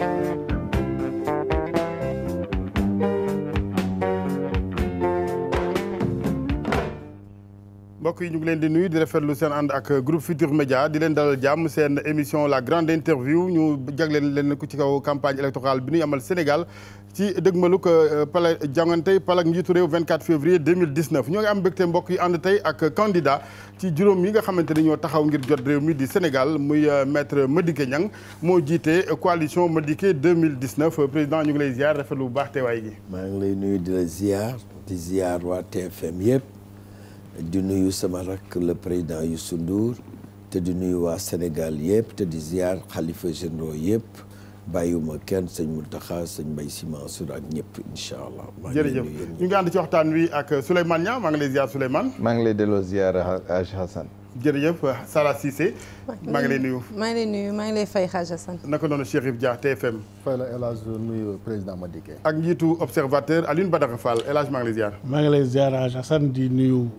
Thank you. mbokk yi ñu ngi leen di nuyu di rafetlu seen ànd ak groupe Futur di leen dalal jàmm seen émission la grande interview ñu jagleen leen ko ci kaw campagne électorale bi ñuy amal Sénégal ci dëgmaluk euh, pala jàngante palak njiitu réew 24 février 2019 ñoo ngi am mbégte mbokk yi ànd tey ak candidat ci juróom yi nga xamante ni ñoo taxaw ngir jot réew mi di Sénégal muy euh, maître Madické Niang moo jiite coalition Madické 2019 président ñu ngi lay ziar rafetlu lu baax teewaay gi. ngi lay nuyu di la ziar waa TFM yëpp. di nuyu sama rakk le président Youssou Ndour te di nuyu waa Sénégal yëpp te di ziar xalifa généraux yëpp bàyyiwuma kenn sëñ Mountakha sëñ Mbaye Sy Mansour ak ñëpp incha allah. jërëjëf ñu ngi ànd waxtaan wi ak Souleymane Niang maa ngi lay ziar Souleymane. maa ngi lay delloo ziar Aj Hassan. jërëjëf Sara Cissé. ngi lay nuyu maa ngi lay nuyu maa ngi lay fay naka noonu Cheikh Ibrahima Dia TFM. fay la El Hadj nuyu président Madické. ak njiitu observateur Alioune Badara Fall El Hadj maa ngi lay maa ngi lay ziar Aj di nuyu.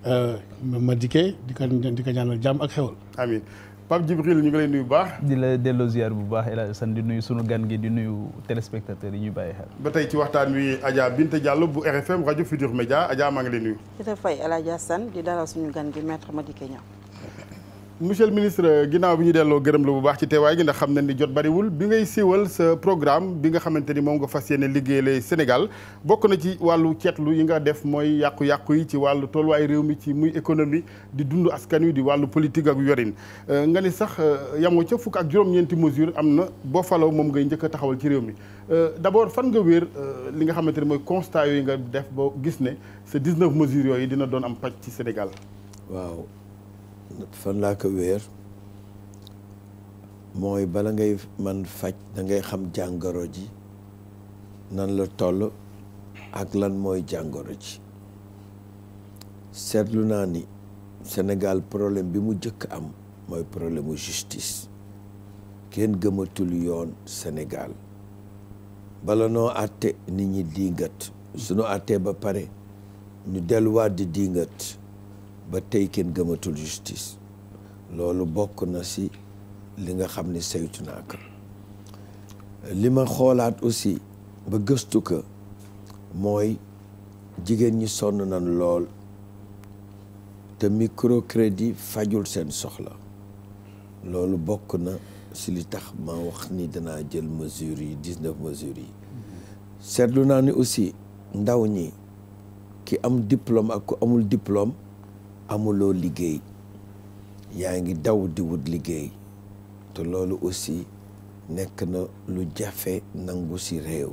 Euh, ma dikkee di ko di ko ñaanal jàmm ak xewal. amiin Pape Djibril ñu ngi lay nuyu bu baax. di la delloo ziar bu baax El Hadj Assane di nuyu suñu gan gi di nuyu téléspectateurs yi ñuy bàyyi xel. ba tey ci waxtaan wi Adja Binta Diallo bu RFM rajo Futur Média Adja maa ngi lay nuyu. di la fay El Hadj Assane di dalal suñu gan gi maître Madické Niang. monsieur le ministre euh, ginnaaw bi ñu delloo gërëm la bu baax ci teewaay gi ndax xam na ni jot bariwul bi ngay siiwal sa programme bi nga xamante ni moom nga fas yéene liggéeyale Sénégal bokk na ci wàllu ceetlu yi nga def mooy yàqu-yàqu yi ci wàllu tolluwaay réew mi ci muy économie di dund askan wi di wàllu politique ak yorin euh, nga ni sax euh, yamoo ca fukk ak juróom-ñeenti mesure am na boo faloo moom ngay njëkk a taxawal ci réew mi d'abord fan nga wéer li nga xamante ni mooy constat yooyu nga def ba gis ne ces 19 mesures yooyu dina doon am pàcc ci Sénégal waaw fan laa ko wéer mooy bala ngay man faj da ngay xam jàngoro ji nan la toll ak lan mooy jàngoro ji seetlu naa ni Sénégal problème bi mu jëkk am mooy problème mu justice kenn gëmatul yoon Sénégal bala noo àtte nit ñi dingat sunu àttee ba pare ñu delluwaat di dingat ba tey kenn gëmatul justice loolu bokk na si li nga xam ni saytu naa ko li ma xoolaat aussi ba gëstu ko mooy jigéen ñi sonn nañ lool te microcrédit fajul seen soxla loolu bokk na si li tax ma wax ni danaa jël mesures yi dix-neuf yi seetlu naa ni aussi ndaw ñi ki am diplôme ak ku amul diplome amuloo liggéey yaa ngi daw di wut liggéey te loolu aussi nekk na lu jafe nangu si réew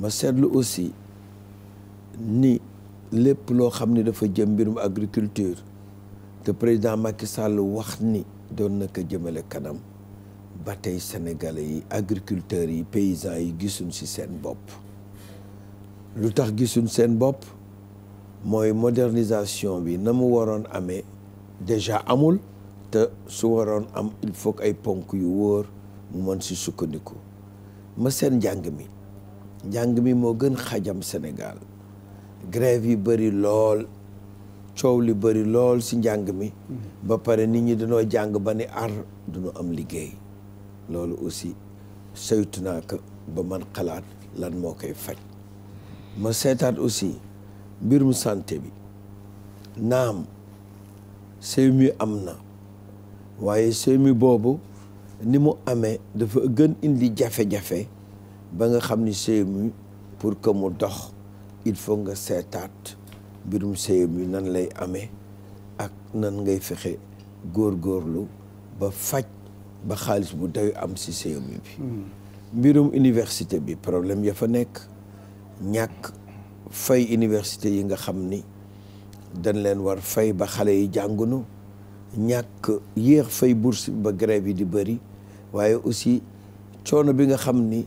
ma seetlu aussi ni lépp loo xam ni dafa jëm mbirum agriculture te président Macky Sall wax ni doon na ko jëmale kanam ba tey sénégalais yi agriculteurs yi paysans yi gisuñ si seen bopp lu tax gisuñ seen bopp mooy modernisation bi na mu waroon amee déjà amul te su waroon am il faut ay ponk yu wóor mu mën si sukkandiku ma seen njàng mi njàng mi moo gën xajam Sénégal grève yi bëri lool coow li bëri lool si njàng mi mm-hmm. ba pare nit ñi dañoo jàng ba ni ar duñu am liggéey loolu aussi saytu naa ko ba man xalaat lan moo koy faj ma seetaat aussi mbirum santé bi naam CMU am na waaye CMU boobu ni mu amee dafa gën indi jafe-jafe ba nga xam ni CMU pour que mu dox il faut nga seetaat mbirum CMU nan lay amee ak nan ngay fexe góorgóorlu ba faj ba xaalis bu doy am ci CMU bi hmm. mbirum université bi problème ya fa nekk ñàkk fay université yi nga xam ni dañ leen war fay ba xale yi jàngunu ñàkk yéex fay bourse ba grève yi di bëri waaye aussi coono bi nga xam ni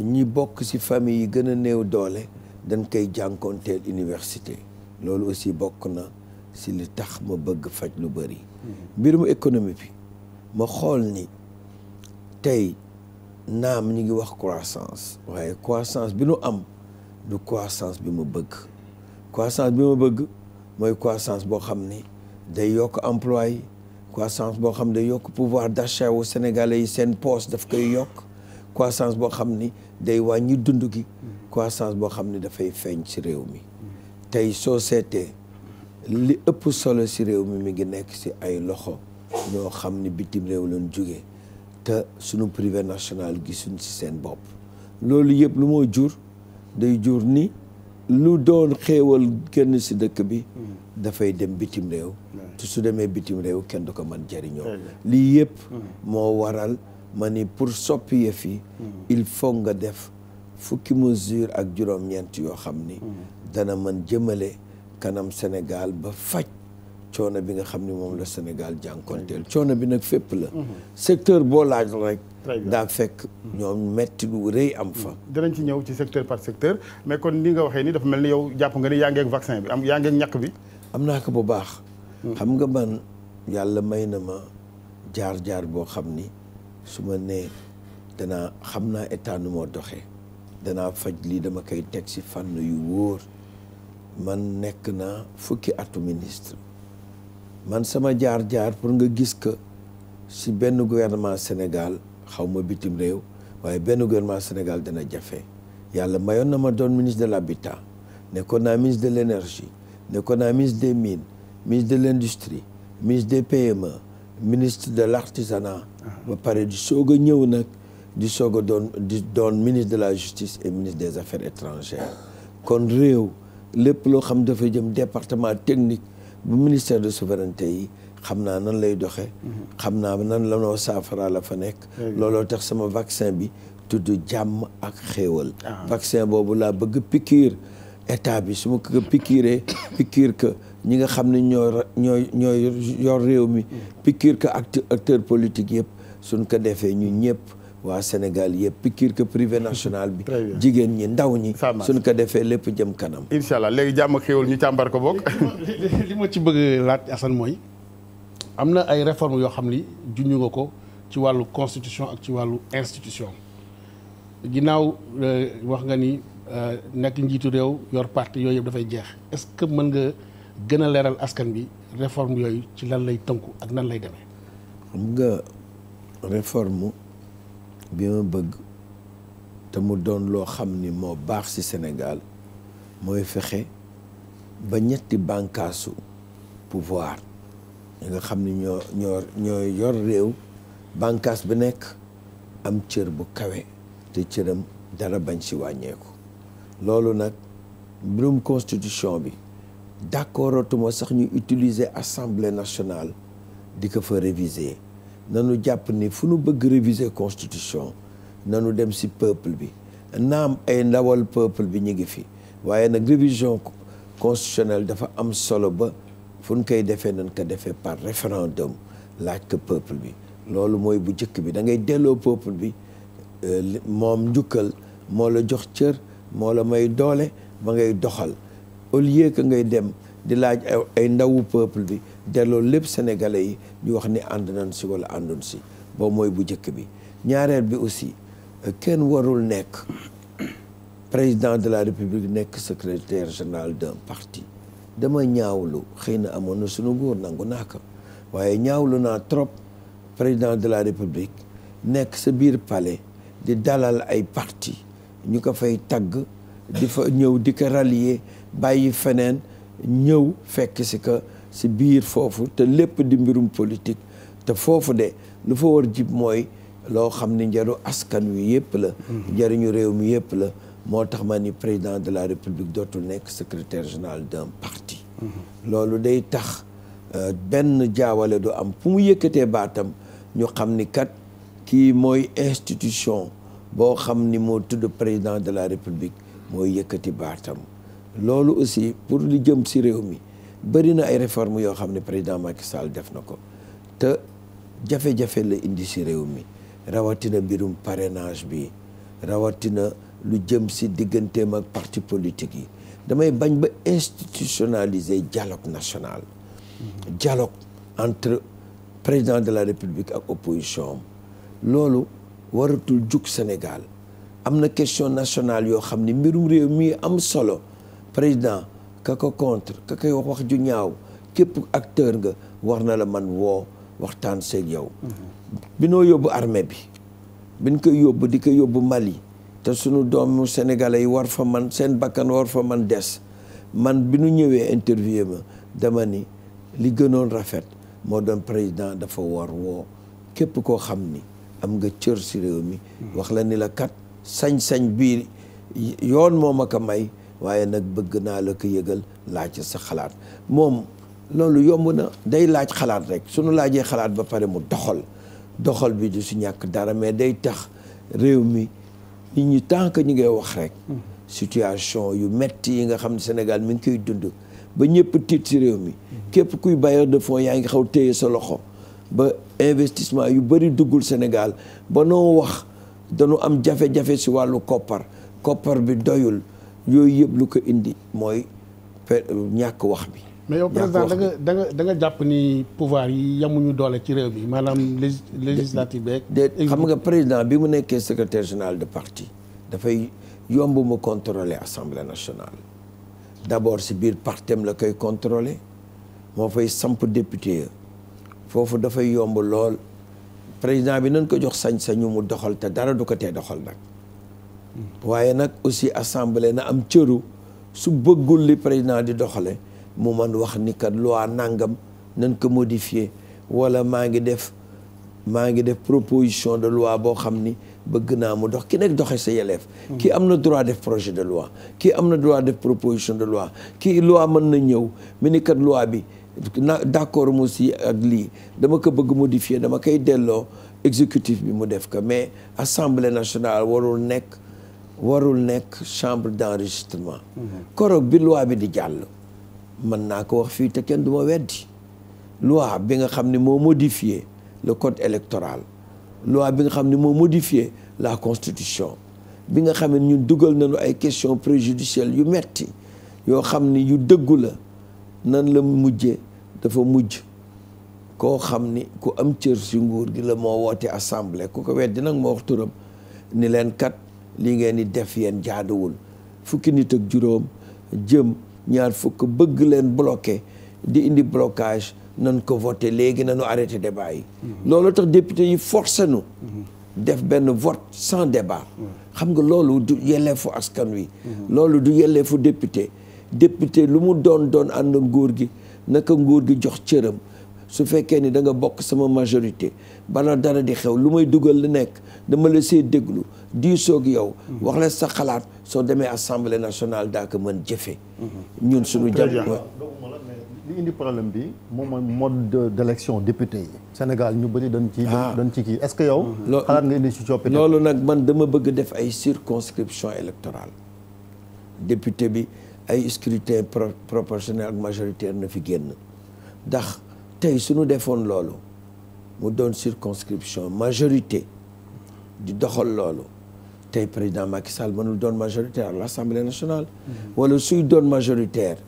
ñi bokk ci famille yi gën a néew doole dañ koy jànkoonteel université loolu aussi bokk na si li tax ma bëgg faj lu bëri mm-hmm. mbirum économie bi ma xool ni tey naam ñi ngi wax croissance waaye croissance bi nu am du croissance bi ma bëgg croissance bi ma bëgg mooy croissance boo xam ni day yokk emploi yi croissance boo xam ne day yokk pouvoir d'achat wu sénégalais yi seen poste daf koy yokk croissance boo xam ni day wàññi dund gi croissance boo xam ni dafay feeñ si réew mi tey soo seetee li ëpp solo si réew mi mi ngi nekk si ay loxo ñoo xam ni bitim réew lañ jógee te sunu privé national gi gisuñ ci seen bopp loolu yëpp lu moo jur day jur ni lu doon xéewal kenn si dëkk bi dafay dem bitim réew te su demee bitim réew kenn du ko mën jariñoo lii yëpp moo waral ma ni pour soppi yëf yi il faut nga def fukki mesure ak juróom-ñeent yoo xam ni dana man jëmale kanam Sénégal ba faj coono bi nga xam ne moom la Sénégal jànkonteel coono bi nag fépp la secteur boo laaj rek daa fekk ñoom metti lu rëy am fa mm-hmm. dinañ ci ñëw ci secteur par secteur mais kon ni nga waxee ni dafa mel ni yow jàpp nga ni yaa ngeeg vaccin bi am yaa ngeeg ñàkk am naa ko bu baax mm-hmm. xam nga man yàlla may na ma jaar-jaar boo xam ni su ma nee danaa xam naa état nu moo doxee danaa faj lii dama koy teg ci fànn yu wóor man nekk naa fukki atu ministre man sama jaar-jaar pour nga gis que si benn gouvernement Sénégal xaw ma bitim réew waaye benn gouvernement Sénégal dana jafe yàlla mayoon na ma doon ministre de l'habitat nekkoon naa ministre de l'énergie nekkoon naa ministre des mines ministre de l'industrie ministre de PME ministre de l'artisanat ah. ba pare di soog a ñëw nag di soog a doon di doon ministre de la justice et ministre des affaires étrangères kon réew lépp loo xam dafa jëm département technique bu ministère de souveraineté yi xam naa nan lay doxe mhm. xam naa nan la noo saafara la fa nekk looloo tax sama vaccin bi tudd jàmm ak xéewal ah. vaccin boobu laa bëgg piqûre état bi su ma ko piqûree piqûre que ñi nga xam ne ñoo ñooy yor réew mi mm. piqûre que acteur politique yëpp suñ ko defee ñun ñëpp waa Sénégal yëpp piqûre que privé national bi. jigéen ñi ndaw ñi. suñ ko defee lépp jëm kanam. incha allah léegi jàmm xéwal ñu càmbar ko bokk. li ma ci bëgg laat Assane mooy am na ay réformes yoo xam ni junj nga ko ci wàllu constitution ak ci wàllu institution ginnaaw euh, wax nga ni euh, nekk njiitu réew yor parti yooyu yëpp dafay jeex est-ce que mën nga gën a leeral askan bi réforme yooyu ci lan lay tënku ak nan lay deme xam nga réforme. bi ma bëgg te mu doon loo xam ni moo baax si Sénégal mooy fexe ba ñetti bànkaasu pouvoir ñi nga xam ni ñoo ñoo yor réew bànkaas bu nekk am cër bu kawe te cëram dara bañ si wàññeeku loolu nag mbirum constitution bi d'accordatuma sax ñu utiliser assemblée nationale di ko fa réviser nanu jàpp ni fu nu bëgg réviser constitution nanu dem si peuple bi naam ay ndawal peuple bi ñu ngi fi waaye nag révision constitutionnelle dafa am solo ba fu nu koy defee nan ko defee par référendum laaj ko peuple bi loolu mooy bu njëkk bi dangay delloo peuple bi euh, moom njukkal moo la jox cër moo la may doole ba ngay doxal au lieu que ngay dem di laaj ay ndawu peuple bi delloo lépp sénégalais yi ñu wax ni ànd nañ si wala àndun si boobu mooy bu njëkk bi ñaareel bi aussi kenn warul nekk président de la république nekk secrétaire général d'un parti dama ñaawlu xëy na amoon na suñu góor nangu naa ko waaye ñaawlu naa trop président de la république nekk sa biir palais di dalal ay parti ñu ko fay tagg di fa ñëw di ko rallier bàyyi feneen ñëw fekk si ka si biir foofu te lépp di mbirum politique te foofu de lu fa war jib mooy loo xam ni njaru askan wi yëpp la mhm. njëriñu réew mi yëpp la moo tax ma ni président de la république dootul nekk secrétaire général d'un parti mhm. loolu day tax euh, benn jaawale du am fu mu yëkkatee baatam ñu xam ni kat kii mooy institution boo xam ni moo tudd président de la république mooy yëkkati baatam loolu aussi pour lu jëm si réew mi bëri na ay réformes yoo xam ne président Macky Sall def na ko te jafe-jafe la indi si réew mi rawatina mbirum parrainage bi rawatina lu jëm si digganteem ak parti politique yi damay bañ ba institutionnaliser dialogue nationale dialogue entre président de la république ak opposition loolu waratul jug Sénégal am na question nationale yoo xam ni mbirum réew mi am solo président ka ko contre ka koy wax ju ñaaw képp acteur nga war na la man woo waxtaan seeg yow. Mm-hmm. bi noo yóbbu armée bi. biñ ko yóbbu di ko yóbbu Mali te sunu doomu sénégalais yi war fa man seen bakkan war fa man des man bi nu ñëwee interview ma dama ni li gënoon rafet moo doon président dafa war woo képp koo xam ni am nga cër si réew mi. Mm-hmm. wax la ni la kat sañ-sañ bii yoon moo ma ko may. waaye nag bëgg naa la ko yëgal laaj sa xalaat moom loolu yomb na day laaj xalaat rek suñu laajee xalaat ba pare mu doxal doxal bi du si ñàkk dara mais day tax réew mi nit ñi tant que ñu ngay wax rek hmm. situation yu metti yi nga xam ne Sénégal mi ngi koy dund ba ñëpp tiit si réew mi képp kuy bailleur de fonds yaa ngi xaw téye sa loxo ba investissement yu bëri duggul Sénégal ba noo wax dañu am jafe-jafe si wàllu koppar koppar bi doyul yooyu yëpp lu ko indi mooy ñàkk wax bi. mais yow président da nga jàpp ni pouvoir yi yamuñu doole ci réew bi maanaam légis législative beeg. xam nga président bi mu nekkee secrétaire général de parti dafay yomb mu contrôler assemblée nationale d'abord si biir partem la koy contrôler moo fay samp député foofu dafay yomb lool président bi nañ ko jox sañ-sañu mu doxal te dara du ko tee doxal nag. waaye nag aussi assemblée na am cëru su bëggul li président di doxale mu man wax ni kat loi nangam nañ ko modifier wala maa ngi def maa ngi def proposition de loi boo xam ni bëgg naa mu dox ki nekk doxe sa yeleef kii am na droit def projet de loi kii am na droit def proposition de loie kii loi mën na ñëw mu ni kat loi bi na d'accord mu si ak lii dama ko bëgg modifier dama koy delloo exécutif bi mu def ko mais assemblée nationale warul nekk warul nekk chambre d'enregistrement koroog bi loi bi di jàll mën naa ko wax fii te kenn du ma weddi loi bi nga xam ne moo modifié le code électoral loi bi nga xam ne moo modifié la constitution bi nga xam ne ñun dugal nañu ay questions préjudicielles yu metti yoo xam ni yu dëggu la nan la mujje dafa mujj koo xam ni ku am cër si nguur gi la moo woote assemblée ku ko weddi nag moo wax turam ni leen kat li ngeen di def yeen jaaduwul fukki nit ak juróom jëm ñaar fukk bëgg leen bloqué di indi blocage nan ko voté léegi nanu arrêté débat yi mhm. loolu tax député yi forcé nu mhm. def benn vote sans mhm. xam nga loolu du yelleefu askan wi loolu du fu député député lu mu doon doon ànd nguur gi naka nguur gi jox cëram su fekkee ni da nga bokk sama majorité bala dara di xew lu may dugal lu nekk dama la see déglu diisoo ak yow. wax la sa xalaat soo demee assemblée nationale daa ko man jëfe ñun suñu jàpp problème bi moom mooy de d'élection député yi. Sénégal ñu bëri dañ ci ah. dañ ci kii est-ce que yow. Mm-hmm. xalaat nga indi ci coppite. loolu nag man dama bëgg def ay circonscription électorale député bi ay scrutin proportionnel ak majorité na fi génn ndax tey suñu defoon loolu mu doon circonscription majorité di doxal loolu tey président Macky Sall mënul doon majoritaire à l'Assemblée nationale. wala suy doon majoritaire.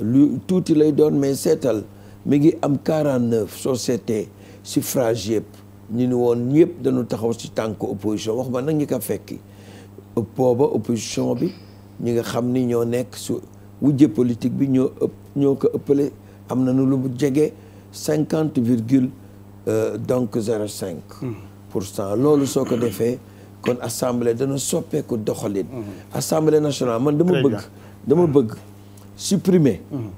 lu tuuti lay doon mais seetal mi ngi am 49 sociétés suffrage yëpp ñu ni woon ñëpp dañu taxaw ci tànk opposition wax ma nag ñi ko fekki. booba opposition bi ñi nga xam ni ñoo nekk su wujje politique bi ñoo ëpp ñoo ko ëppale am nañu lu jege cinquante virgule euh, donc zéro cinq pour cent loolu soo ko defee. kon assemblée dana soppeeku doxalin. Mhm. assemblée nationale man dama bëgg. dama mhm. bëgg supprimer. Mhm.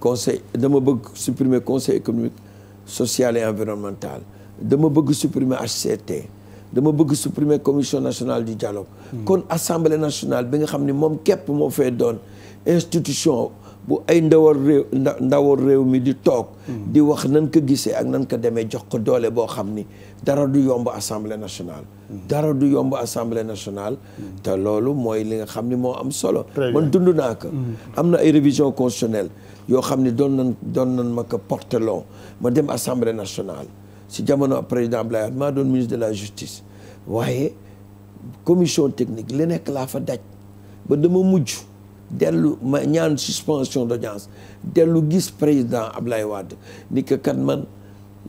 conseil dama bëgg supprimer conseil économique social et environnemental dama bëgg supprimer HCT dama bëgg supprimer commission nationale du dialogue kon assemblée nationale bi nga xam ne moom képp moo fay doon institution. bu ay ndawar réew réew mi di toog hmm. di wax nan ko gise ak nan ko demee jox ko doole boo xam ni dara du yomb assemblée nationale hmm. dara du yomb assemblée nationale hmm. te loolu mooy li nga xam ni moo am solo ma dund naa ko am na ay révision constitutionnelle yoo xam ni doon nan doon nan ma ko porté long ma dem assemblée nationale si jamono président Abdoulaye ma doon ministre de la justice waaye commission technique li nekk laa fa daj ba dama mujj dellu ma ñaan suspension d'audience dellu gis président Ablaye Wade ni que kan man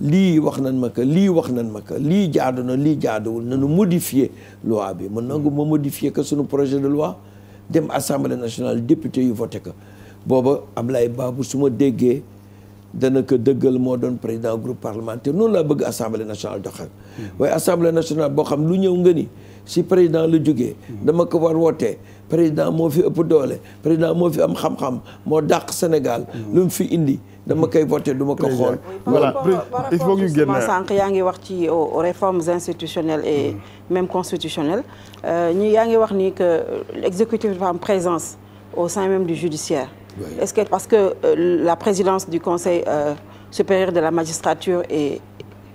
lii wax nan ma que lii wax nan ma que lii jaadu na lii jaaduwul nanu modifier loi bi mu nangu ma modifier que sunu projet de loi dem assemblée nationale député yu vote ko booba Ablaye Babou su ma déggee dana ko dëggal moo doon président groupe parlementaire noonu laa bëgg assemblée nationale doxal hmm. waaye assemblée nationale boo xam lu ñëw nga ni si président le jógee dama ko war wootee président moo fi ëpp doole président moo fi am xam-xam moo dàq Sénégal lu mu fi indi dama koy voté duma ko xool voilà il faut ñu génn sànq yaa ngi wax ci euh, réformes institutionnelles et même constitutionnelles euh, ñi yaa ngi wax ni que euh, l'exécutif dafa am présence au sein même du judiciaire est-ce que parce que la présidence du conseil supérieur de la magistrature est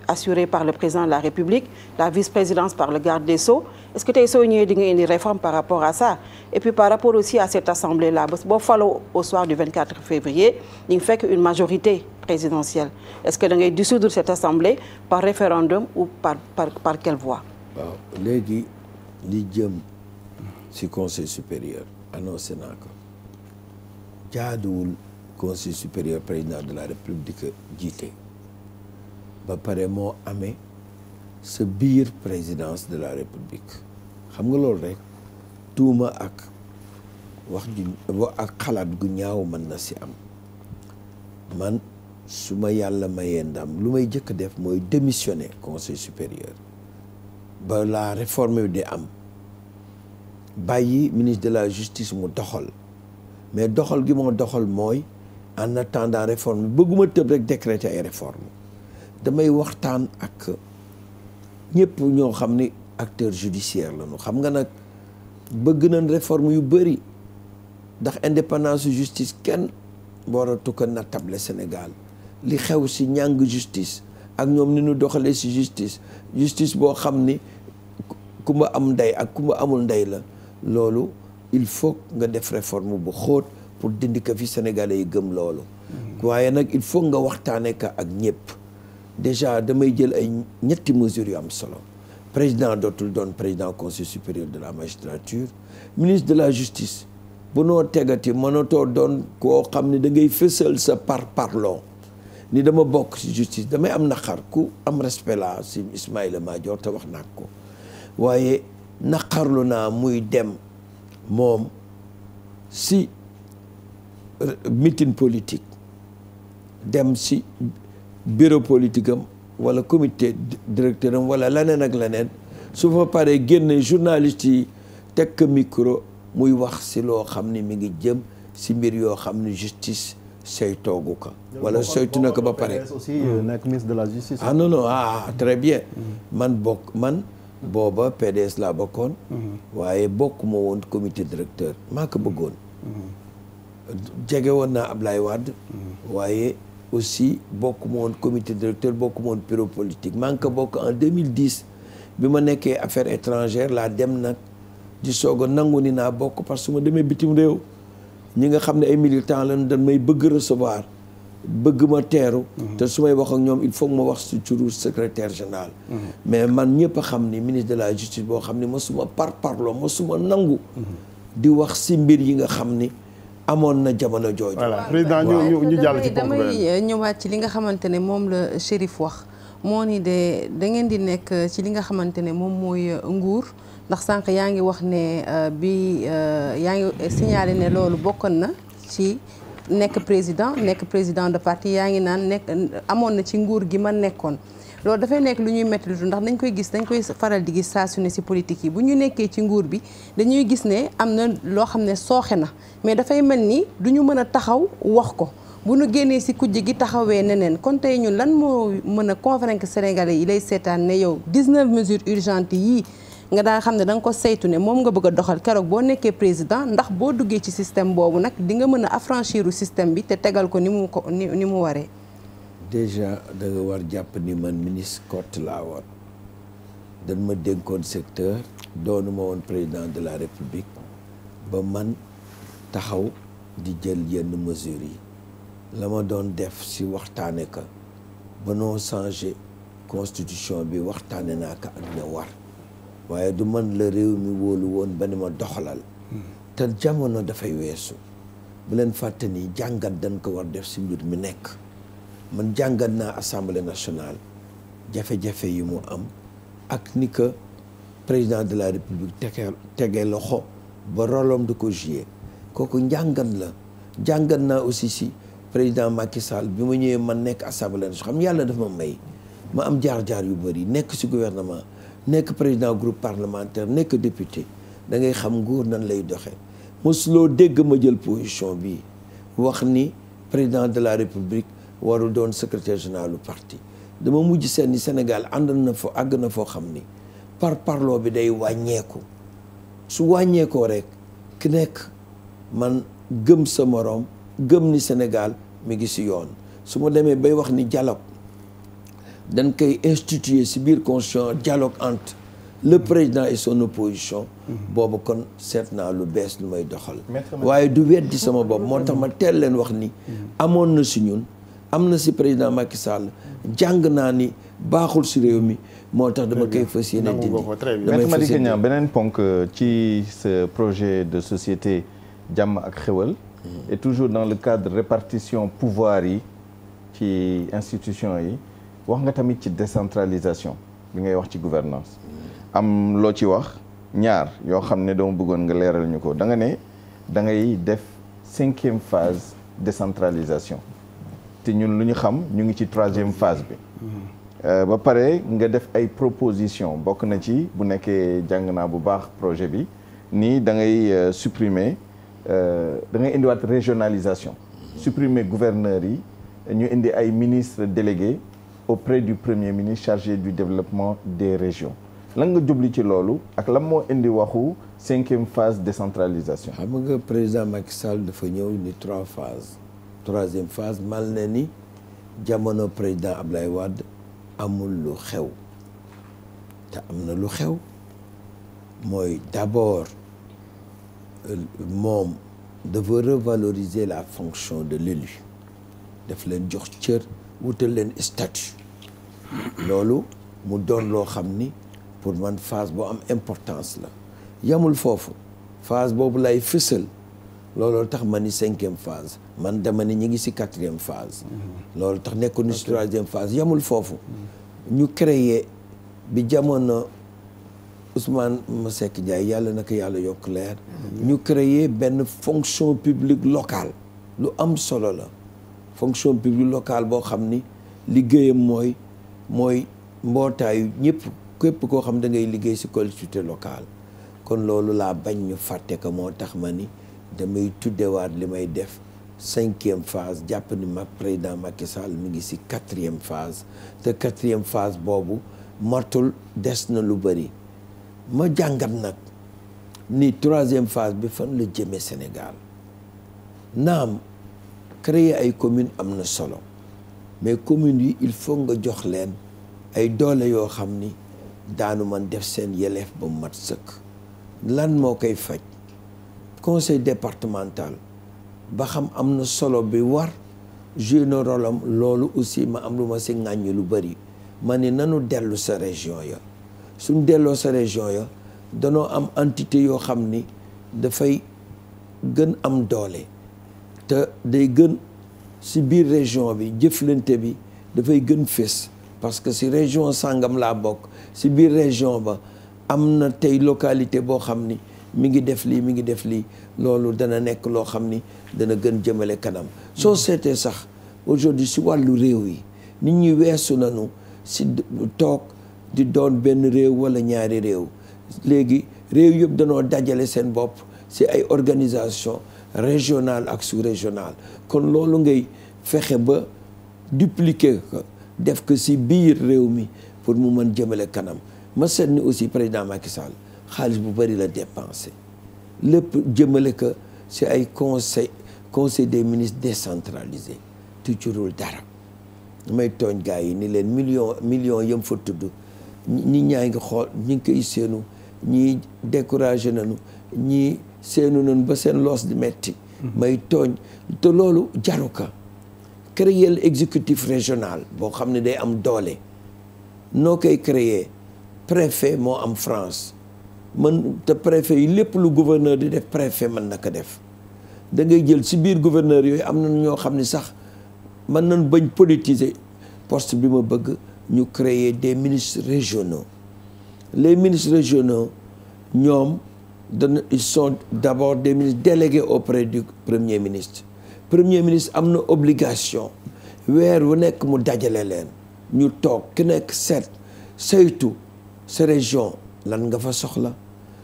assurée par le président de la République, la vice-présidence par le garde des Sceaux. Est-ce que tu as une réforme par rapport à ça Et puis par rapport aussi à cette assemblée-là, au soir du 24 février, il fait qu'une majorité présidentielle. Est-ce que tu as dissoudre cette assemblée par référendum ou par, par, par quelle voie Lady, l'idiome du Conseil supérieur annoncé jaadowul conseil supérieur président de la république jiite ba pare moo amee sa biir présidence de la république xam nga loolu rek tuuma ak wax ju ak xalaat gu ñaaw man na si am man su ma yàlla mayee ndam lu may jëkk def mooy démissionner conseil supérieur ba la réforme bi di am bàyyi ministre de la justice mu doxal mais doxal gi moo doxal mooy en attendant réforme bi bëgguma tëb rek décréter ay réforme damay waxtaan ak ñëpp ñoo xam ni acteur judiciaire lañu xam nga nag bëgg nañ réforme yu bëri ndax indépendance justice kenn waratu ko nattable Sénégal li xew si ñàng justice ak ñoom ni ñu doxalee si justice boo xam ni kumba am ndey ak kumba amul ndey la loolu il faut nga def réforme bu xóot pour dindi ko fi Sénégalais yi gëm loolu mm-hmm. waaye nag il faut nga waxtaanee ko ak ñëpp déjà damay jël ay ñetti mesures am solo président dootul doon président conseil supérieur de la magistrature ministre de la justice bu noo tegati mënatoo doon koo xam ne da ngay fësal sa par parlon ni dama bokk ci justice damay am naqar ku am respect la si Ismaïla Madior te wax naa ko waaye naqarlu naa muy dem moom si meeting politique dem si bureau politique am wala comité directeur am wala leneen ak leneen su fa paree génne journaliste yi teg micro muy wax si loo xam ni mi ngi jëm si mbir yoo xam ni justice saytoogu ko wala saytu na ko ba pare aussi euh, hmm. nekk de la justice ah non non ah, ah très bien hmm. man bokk man booba PDS laa bokkoon hmm. waaye bokk ma woon comité directeur maa ko bëggoon jege woon naa Ablaye Wade waaye aussi bokk ma woon comité directeur bokk ma woon bureau politique man ko bokk en bi ma nekkee affaires étrangères laa dem nag di soog a nangu ni naa bokk parce que ma demee bitim réew ñi nga xam ne ay militants lañu dañ may bëgg recevoir bëgg ma teeru. Mhm. te su may wax ñoom il faut ma wax su turu secrétaire général. Mhm. mais man ñëpp xam ni ministre de la justice boo xam ni ma suma par parloo ma suma nangu. Mhm. di wax si mbir yi nga xam ni. amoon na jamono jooju. voilà président ñu ñu jàll ci euh, ñëwaat ci li nga xamante ne moom la shérif wax moo nii de da ngeen di nekk euh, ci li nga xamante ne moom mooy euh, nguur ndax sànq yaa ngi wax ne bi yaa ngi signalé ne loolu bokkoon na ci nekk président nekk président de partie yaa ngi naan nekk amoon na ci nguur gi ma nekkoon. loolu dafay nekk lu ñuy métti ndax dañ koy gis dañ koy faral di gis saa ne si politique yi bu ñu nekkee ci nguur bi dañuy gis ne am na loo xam ne sooxe na mais dafay mel ni duñu ñu mën a taxaw wax ko bu nu génnee si kujje gi taxawee neneen kon tey ñun lan moo mën a convaincre sénégalais yi lay seetaan ne yow 19 mesures urgentes yii nga daa xam ne da nga ko saytu ne moom nga bëgg doxal keroog boo nekkee président ndax boo duggee ci système boobu nag di nga mën a affranchir système bi te tegal ko ni mu ko ni mu waree. déjà da war jàpp ni man ministre cotte laa woon dañ ma dénkoon secteur doonu ma woon président de la république ba man taxaw di jël yenn mesures yi la ma doon def si waxtaane ka ba noo changé constitution bi waxtaane naa ko ak na war waaye du man la réew mi wóolu woon ba ni ma doxalal te jamono dafay weesu bu leen fàtte ni jàngat dañ ko war def ci mbir mi nekk man jàngat naa assemblée nationale jafe-jafe yi mu am ak ni que président de la république tege tege loxo ba rôlam di ko jouer kooku njàngat la jàngat naa aussi si président Macky Sall bi ma ñëwee man nekk assemblée nationale xam yàlla dafa ma may ma am jaar-jaar yu bëri nekk si gouvernement nekk président groupe parlementaire nekk député da ngay xam nguur nan lay doxee mosuloo dégg ma jël position bi wax ni président de la république warul doon secrétaire généralu parti dama mujj seen ni Sénégal ànd na fo àgg na foo xam ni par parloo bi day wàññeeku su wàññeekoo rekk ki nekk man gëm sa moroom gëm ni Sénégal mu ngi si yoon su ma demee bay wax ni dialogue dañ koy instituer si biir constitution dialogue entre le président et son opposition mhm. boobu kon seet naa lu bees lu may doxal waaye du weddi sama bopp moo tax ma teel leen wax ni mhm. amoon na si ñun am na si président Macky Sall jàng naa ni baaxul si réew mi moo tax dama koy fas yéene dindi damay fas yéene beneen ponk euh, ci ce projet de société jàmm ak xewal hmm. et toujours dans le cadre répartition pouvoir yi ci institution yi wax nga tamit ci décentralisation bi ngay wax ci gouvernance hmm. am loo ci wax ñaar yoo xam ne dama bëggoon nga leeral ñu ko danga ne da ngay def cinquième phase décentralisation te ñun lu ñu xam ñu ngi ci troisième phase bi. Euh, ba pare nga def ay proposition bokk na ci bu nekkee jàng naa bu baax projet bi nii da ngay euh, supprimer euh, da ngay indiwaat régionalisation. supprimer gouverneurs yi ñu indi ay ministres délégués auprès du premier ministre chargé du développement des régions. lan nga jubli ci loolu ak lan moo indi waxu cinquième phase décentralisation. xam nga président Macky Sall dafa ñëw ni trois phases. troisième phase mal na ni jamono président Ablaye Wade amul lu xew te am na lu xew mooy d'abord euh, moom dafa revaloriser la fonction de l'élu def leen jox cër wutal leen statut loolu mu doon loo xam ni pour man phase boo am importance la yamul foofu phase boobu lay fisel looloo tax ma ni cinquième phase man dama ne ñu ngi si quatrième phase. loolu tax nekkoon si troisième phase yamul foofu. ñu créer bi jamono Ousmane Masseck Ndiaye yàlla na ko yàlla yokk leer. ñu créer benn fonction publique local lu am solo la fonction publique locale boo xam ni liggéeyam mooy mooy mbootaayu ñëpp képp koo xam da dangay liggéey si collectivité local kon loolu laa bañ ñu fàtte ko moo tax ma ni damay tuddewaat li may def. cinquième phase jàpp ni ma président Macky Sall mi ngi si quatrième phase te quatrième phase boobu matul des na lu bëri ma jàngat nag ni troisième phase bi fan la jëmee Sénégal naam créer ay commune am na solo mais communes yi il faut nga jox leen ay doole yoo xam ni daanu man def seen yeleef ba mat sëkk lan moo koy faj conseil départemental ba xam am na solo bi war jur na rôle loolu aussi ma am lu ma si ŋàññi lu bëri ma ni nanu dellu sa région ya suñ delloo sa région ya danoo am entité yoo xam ni dafay gën am doole te day gën si biir région bi jëflante bi dafay gën fés parce que si région sàngam laa bokk si biir région ba am na tey localité boo xam ni mi ngi def lii mi ngi def lii loolu dana nekk loo xam ni dana gën jëmale kanam soo seetee sax aujourd'hui si wàllu réew yi nit ñi weesu nañu si toog di doon benn réew wala ñaari réew léegi réew yëpp danoo dajale seen bopp si ay organisation régionale ak su régionale kon loolu ngay fexe ba dupliquer ko def ko si biir réew mi pour mu mën jëmale kanam ma seet ni aussi président Macky Sall xaalis bu bari la dépensé lépp jëmale ko si ay conseil conseil des ministres décentralisé tucurul dara may tooñ gars yi ni leen million million yëm fa tudd ñi ñaa ngi xool ñi ngi koy seenu ñii découragé nañu ñii seenu nañu ba seen loos di metti mm-hmm. may tooñ te loolu jaruka créer exécutif régional boo xam ne day am doole noo koy créer préfet moo am France man te préfet yi lépp lu gouverneur di def préfet man na ko def da ngay jël si biir gouverneur yooyu am na ñoo xam ne sax mën nañ bañ politiser poste bi ma bëgg ñu créer des ministres régionaux les ministres régionaux ñoom dana ils sont d'abord des ministres délégués auprès du premier ministre premier ministre am na obligation weer wu nekk mu dajale leen ñu toog ki nekk seet saytu sa région lan nga fa soxla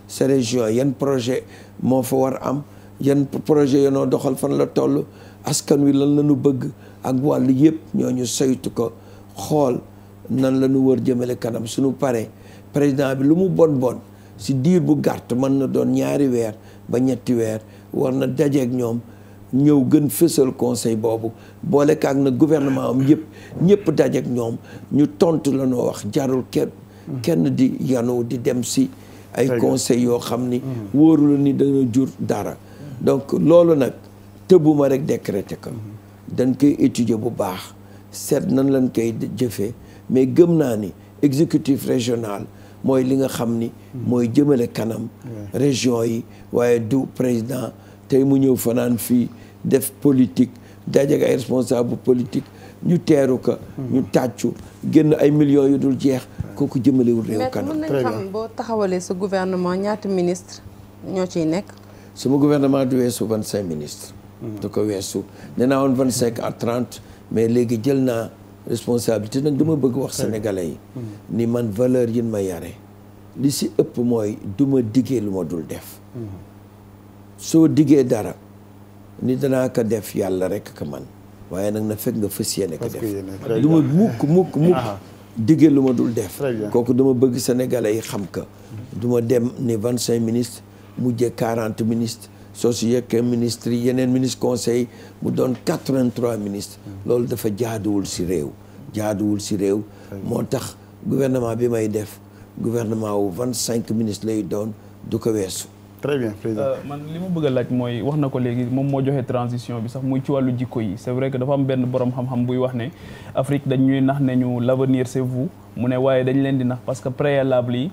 sa région yan projet moo fa war am yan projet yenoo doxal fan la toll askan wi lan la ñu bëgg ak wàll yëpp ñu saytu ko xool nan la ñu wër jëmale kanam suñu paree président bi lu mu bon bon si diir bu gàtt mën na doon ñaari weer ba ñetti weer war na dajeeg ñoom ñëw gën fësal conseil boobu boole ak na gouvernement am yëpp ñëpp dajeeg ñoom ñu tontu la noo wax jarul kenn di yanu di dem si ay conseil yoo xam ni mm. wóoru ni dana jur dara donc loolu nag tëbuma rek décréter ko dañ koy étudier bu baax seet nan lañ koy jëfee mais gëm naa ni exécutif régional mooy li nga xam ni mooy jëmale kanam région yi waaye du président tey mu ñëw fanaan fi def politique dajeek ay responsable politique ñu teeru ko ñu tàccu génn ay millions yu dul jeex kooku jëmalewul réew kanam mën nañ xam boo taxawalee sa gouvernement ñaata ministre ñoo ciy nekk su ma gouvernement du weesu vingt cinq ministres mhm. du ko weesu nee naa woon vingt cinq à trente mais léegi jël naa responsabilité nag dama bëgg wax sénégalais yi mhm. ni man valeur yin ma yare li si ëpp mooy du ma diggee lu ma dul def mhm. soo diggee dara ni danaa ka def yàlla rek ka man waaye nag na fekk nga fas yéene ko def du ma mukk mukk mukk diggee lu ma dul def kooku dama bëgg sénégalais yi xam ka du ma dem ni vingt cinq ministres mujjee quarante ministres soo si yekkee ministres yi yeneen ministre conseil mu doon quatre vingt ministres loolu dafa jaaduwul si réew jaaduwul si réew moo tax gouvernement bi may def gouvernement wu vingt-cinq ministres lay doon du ko weesu très bien président euh, man li ma bëgg a laaj mooy wax na ko léegi moom moo joxe transition bi sax muy ci wàllu jikko yi c'est vrai que dafa am benn borom xam-xam buy wax ne Afrique dañuy nax nañu l'avenir c'est vous mu ne waaye dañ leen di nax parce que préalable yi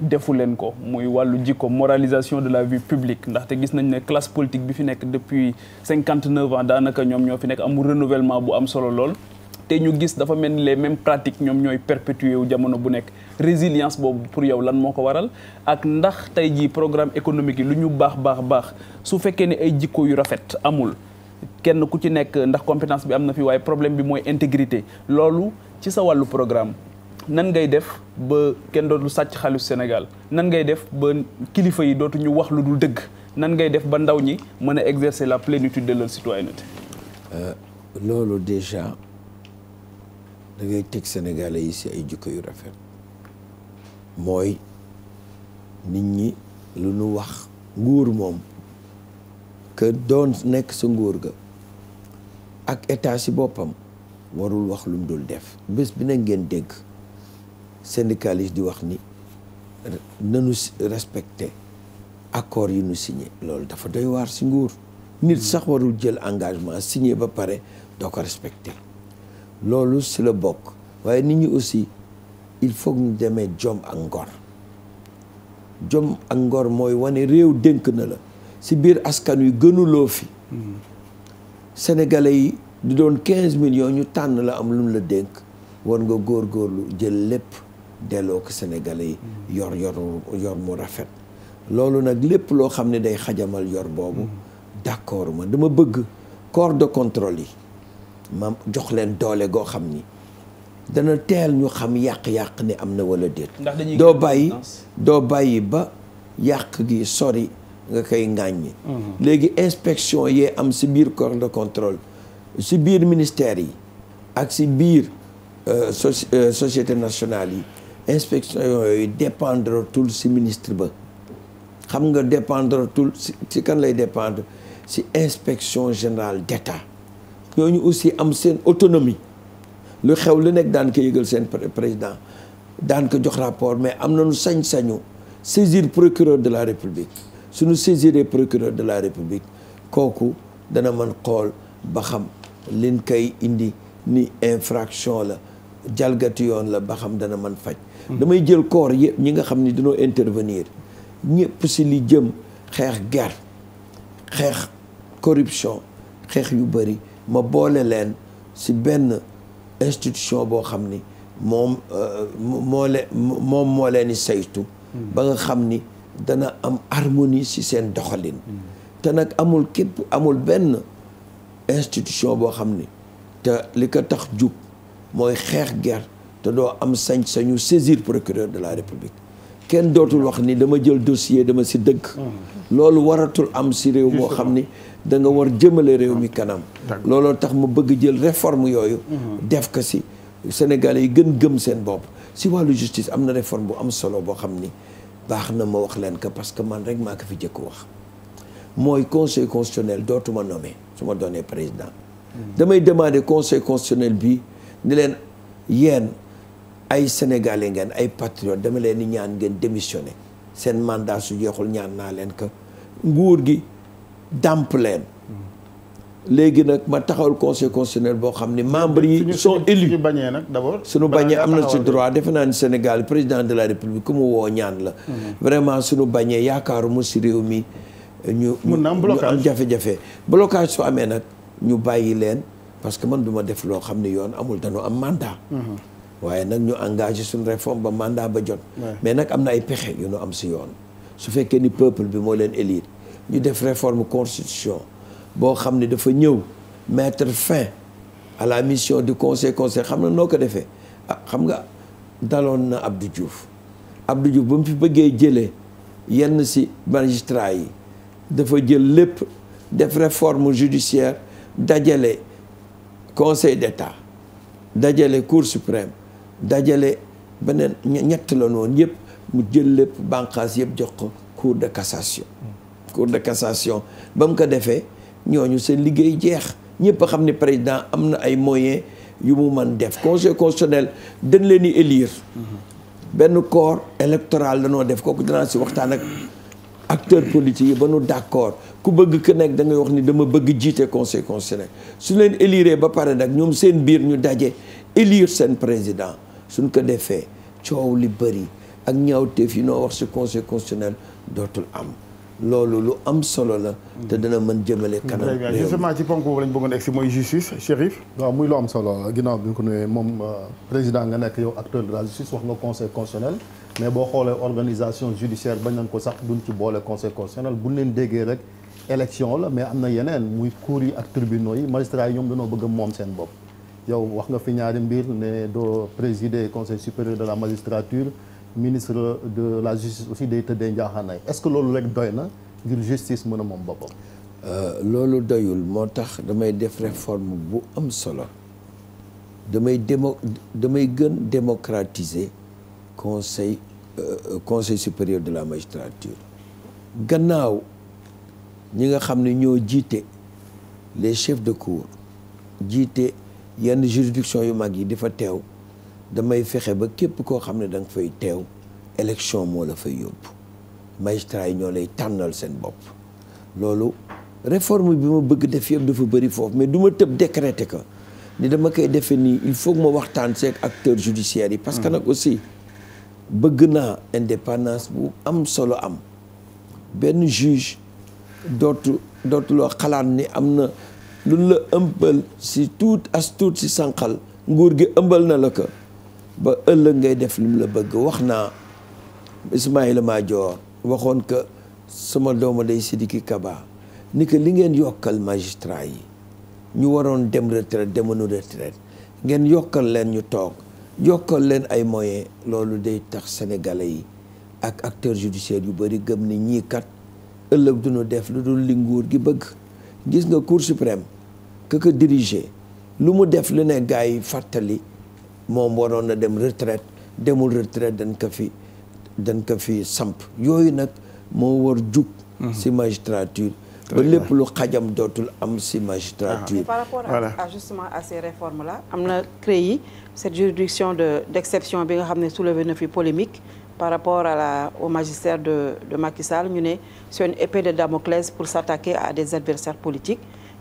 defu leen ko muy wàllu jikko moralisation de la vie publique ndaxte gis nañ ne classe politique bi fi nekk depuis cinquante neuf ans daanaka ñoom ñoo fi nekk amul renouvellement bu am solo lool. te ñu gis dafa mel ni les mêmes pratiques ñoom ñooy perpétuer wu jamono bu nekk résilience boobu pour yow lan moo ko waral ak ndax tey jii programme économique yi lu ñu baax baax baax su fekkee ne ay jikko yu rafet amul. kenn ku ci nekk ndax compétence bi am na fi waaye problème bi mooy intégrité loolu ci sa wàllu programme nan ngay def ba kenn dootu sàcc xaalis Sénégal nan ngay def ba kilifa yi dootuñu wax lu dul dëgg nan ngay def ba ndaw ñi mën a exercer la plénitude de leur citoyenneté. Euh, loolu déjà da ngay teg Sénégalais yi si ay jikko yu rafet mooy nit ñi lu nu wax nguur moom que doon nekk sa nguur ga ak état si boppam warul wax lu mu dul def bés bi na ngeen dégg. syndicaliste di wax ni nanu respecté accord yi nu signé loolu dafa doy waar si nguur nit sax warul jël engagement signé ba pare doo ko respecté loolu si la bokk waaye nit ñi aussi il faut ñu demee jom ak ngor jom ak ngor mooy wane réew dënk na la si biir askan wi gënuloo fi sénégalais yi di doon quinze millions ñu tànn la am lu mu la dénk war nga góor góorlu jël lépp delloo ko Sénégalais yi yor yor mu rafet loolu nag lépp loo xam ne day xajamal yor boobu d'accord man dama bëgg corps de contrôle yi ma jox leen doole goo xam ni dana teel ñu xam yàq-yàq ni am na wala déet doo bàyyi doo bàyyi ba yàq gi sori nga koy ŋàññi mhm. léegi inspection yee am si biir corps de contrôle si biir ministère yi ak si biir euh, euh, société nationale yi inspection yooyu dépendre tul si ministre ba xam nga dépendre tul ci kan lay dépendre si inspection générale d'État ñooñu aussi am seen autonomie lu xew lu nekk daan ko yëgal seen président daan ko jox rapport mais am nañu sañ-sañu saisir procureur de la république suñu saisiree procureur de la république kooku dana mën xool ba xam liñ koy indi ni infraction la jalgati yoon la ba xam dana mën faj damay jël corps yëpp ñi nga xam ni dañoo intervenir ñëpp si li jëm xeex guerre xeex corruption xeex yu bëri ma boole leen si benn institution boo xam ni moom euh, moo leen moom moo leen di saytu hmm. ba nga xam ni dana am harmonie si seen doxalin hmm. te nag amul képp amul benn institution boo xam ni te li ko tax jug mooy xeex guerre te doo am sañ-sañu saisir procureur de la république kenn dootul wax nii dama jël dossier dama si dëgg loolu waratul am si réew moo xam ni da nga war jëmale réew mi kanam looloo tax ma bëgg jël réforme yooyu mhm. def ko si Sénégalais yi gën gëm seen bopp si wàllu justice am na réforme bu am solo boo xam ni baax na ma wax leen ko parce que man rek maa ko fi jëkk wax mooy conseil constitutionnel dootuma nommé su ma doonee président mhm. damay demander conseil constitutionnel bi leen yéen ay sénégalais ngeen ay patriotes dama leen di ñaan ngeen démissionné seen mandat su jeexul ñaan naa leen que nguur gi dàmp leen. léegi nag ma taxawal conseil constitutionnel boo xam ne membre yi sont élus suñu bañee nag d'abord suñu bañee am na ci droit defe naa ni Sénégal président de la République ku mu woo ñaan la mhm. vraiment suñu bañee yaakaaru mu si réew mi ñu mun na am blocage jafe-jafe blocage su amee nag ñu bàyyi leen parce que man duma def loo xam ne yoon amul dañu am mandat mhm. waaye nag ñu engagé suñu réforme ba mandat ba jot mais nag am na ay pexe yu ñu am si yoon su fekkee ni peuple bi moo leen élire ñu def réforme constitution boo xam ne dafa ñëw mettre fin à la mission du conseil conseil xam na noo ko defee ah xam nga daloon na Abdou Diouf Abdou Diouf ba mu fi bëggee jëlee yenn si magistrat yi dafa jël lépp def réforme judiciaire dajale conseil d'état dajale cour suprême dajale beneen ñett la noonu yëpp mu jël lépp bànqaas yëpp jox ko cour de cassation mm. cour de cassation ba mu ko defee ñooñu seen liggéey jeex ñëpp xam ni président am na ay moyen yu mu man def conseil constitutionnel dañ leen di élire mm-hmm. benn corps électoral la noo def kooku dinaa si waxtaan ak acteur politique yi ba nu d'accord ku bëgg ku nekk da ngay wax ni dama bëgg jiite conseil constitutionnel su leen éliree ba pare nag ñoom seen biir ñu daje élire seen président suñ ko defee coow li bëri ak ñaawteef yi noo wax si conseil constitutionnel dootul am loolu lu am solo la. te dana mën jëmale kanam. réew mi waaw muy lu am solo ginnaaw bi ñu ko nuyee moom euh, président nga nekk yow acteur de la justice wax nga conseil constitutionnel. mais boo xoolee organisation judiciaire bañ nañ ko sax duñ ci boole conseil constitutionnel bu leen déggee rek élection la mais am na yeneen muy cour yi ak tribunaux yi magistrats yi ñoom danoo bëgg moom seen bopp. yow wax nga fi ñaari mbir ne doo présider conseil supérieur de la magistrature ministre de la justice aussi day tëddee njaaxaanaay est-ce que loolu rek doy na ngir justice mën a moom boppam. Euh, loolu doyul moo tax damay def réforme bu am solo damay démo damay gën démocratiser conseil euh, euh conseil supérieur de la magistrature gannaaw ñi nga xam ne ñoo jiite les chef de cour jiite. yenn juridiction yu mag yi di fa teew damay fexe ba képp koo xam ne da fay teew élection moo la fay yóbbu magistrat yi ñoo lay tànnal seen bopp loolu réforme bi ma bëgg def yëpp dafa bëri foofu mais du ma tëb décréter que ni dama koy defee nii il faut ma waxtaan seeg acteurs judiciaires yi parce que hmm. nag aussi bëgg naa indépendance bu am solo am benn juge dootu dootuloo xalaat ni am na lu la ëmbal si tuut as si sànqal nguur gi ëmbal na la ko ba ëllëg ngay def lu la bëgg wax naa Ismaïla Madior waxoon ko sama dooma day Sidiki Kaba ni que li ngeen yokkal magistrat yi ñu waroon dem retraite demanu retraite ngeen yokkal leen ñu toog yokkal leen ay moyen loolu day tax sénégalais yi ak acteurs judiciaires yu bëri gëm ni ñii kat ëllëg duñu def lu dul li nguur gi bëgg gis nga Cour suprême que que diriger lu mu def lu ne gars yi fàttali moom waroon na dem retraite demul retraite dañ ko fi dañ ko fi samp yooyu nag moo war jub mhm. si magistrature ba lépp lu xajam dootul am si magistrature ah. par rapport a à justement à ces réformes am na créé cette juridiction de d'exception bi nga xam ne soulevé na fi polémique par rapport à la au de de Macky Sall ñu ne c'est une épée de Damoclès pour s'attaquer à des adversaires politiques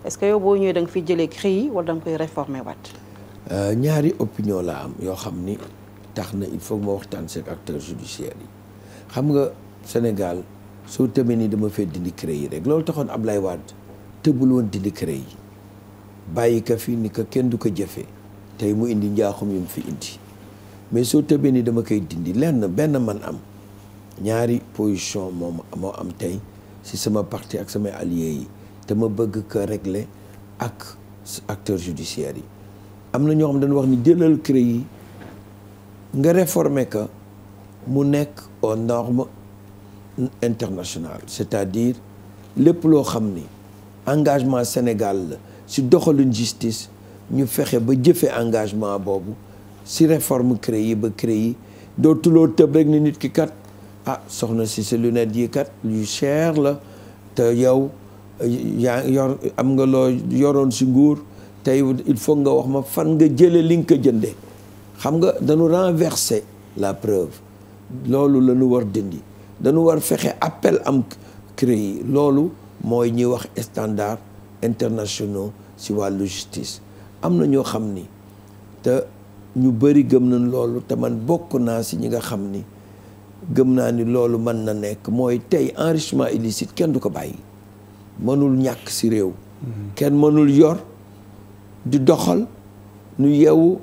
est-ce que yow boo ñëwee danga nga fiy jëlee CREI yi wala da nga koy réformer waat. Euh, ñaari opinion la am yoo xam ni tax na il faut ma waxtaan seeg acteurs judiciaires yi xam nga Sénégal soo tëmee nii dama fee dindi CREI yi rek loolu taxoon Ablaye Wade tëbul woon dindi CREI bàyyi ka fi ni ko kenn du ko jëfe tey mu indi njaaxum yu mu fi indi mais soo tëbee ni dama koy dindi lenn benn man am ñaari position moom moo am tey si sama partie ak samay allier yi te ma bëgg ko régler ak acteur judiciaires yi am na ñoo xam dañu wax ni jëlal CREI yi nga réformer ko mu nekk aux normes internationales c'est-à-dire lépp loo xam ni engagement Sénégal la si doxaluñ justice ñu fexe ba jëfe engagement boobu si réforme CREI ba CREI yi dootuloo tëb rek ni nit ki kat ah soxna si sa lunette yi kat lu cher la te yow yaa yor am nga loo yoroon si nguur tey il faut nga wax ma fan nga jële li nga ko jëndee xam nga dañu renverser la preuve loolu la war dindi dañu war fexe appel am créé loolu mooy ñuy wax standard internationaux si wàllu justice am na ñoo xam ni te ñu bëri gëm na loolu te man bokk naa si ñi nga xam ni gëm naa ni loolu mën na nekk mooy tey enrichissement illicite kenn du ko bàyyi mënul ñàkk si réew kenn mënul yor di doxal nu yeewu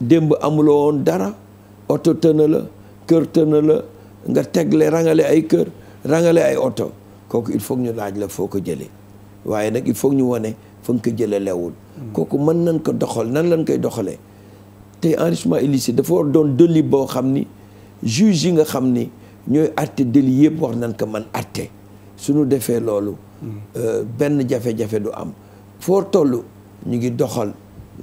démb amuloo dara oto tëna la kër tëna la nga tegle rangale ay kër rangale ay oto kooku il foog ñu laaj la foo ko jëlee waaye nag il foog ñu wane fa nga ko jëlee lewul hmm. kooku mën nañ ko doxal nan lañ koy doxalee te enrichissement illicite dafa war doon délit boo xam ni juge yi nga xam ni ñooy àtte délit yëpp war nañ ko mën su suñu defee loolu Euh, benn jafe-jafe du am foo toll ñu ngi doxal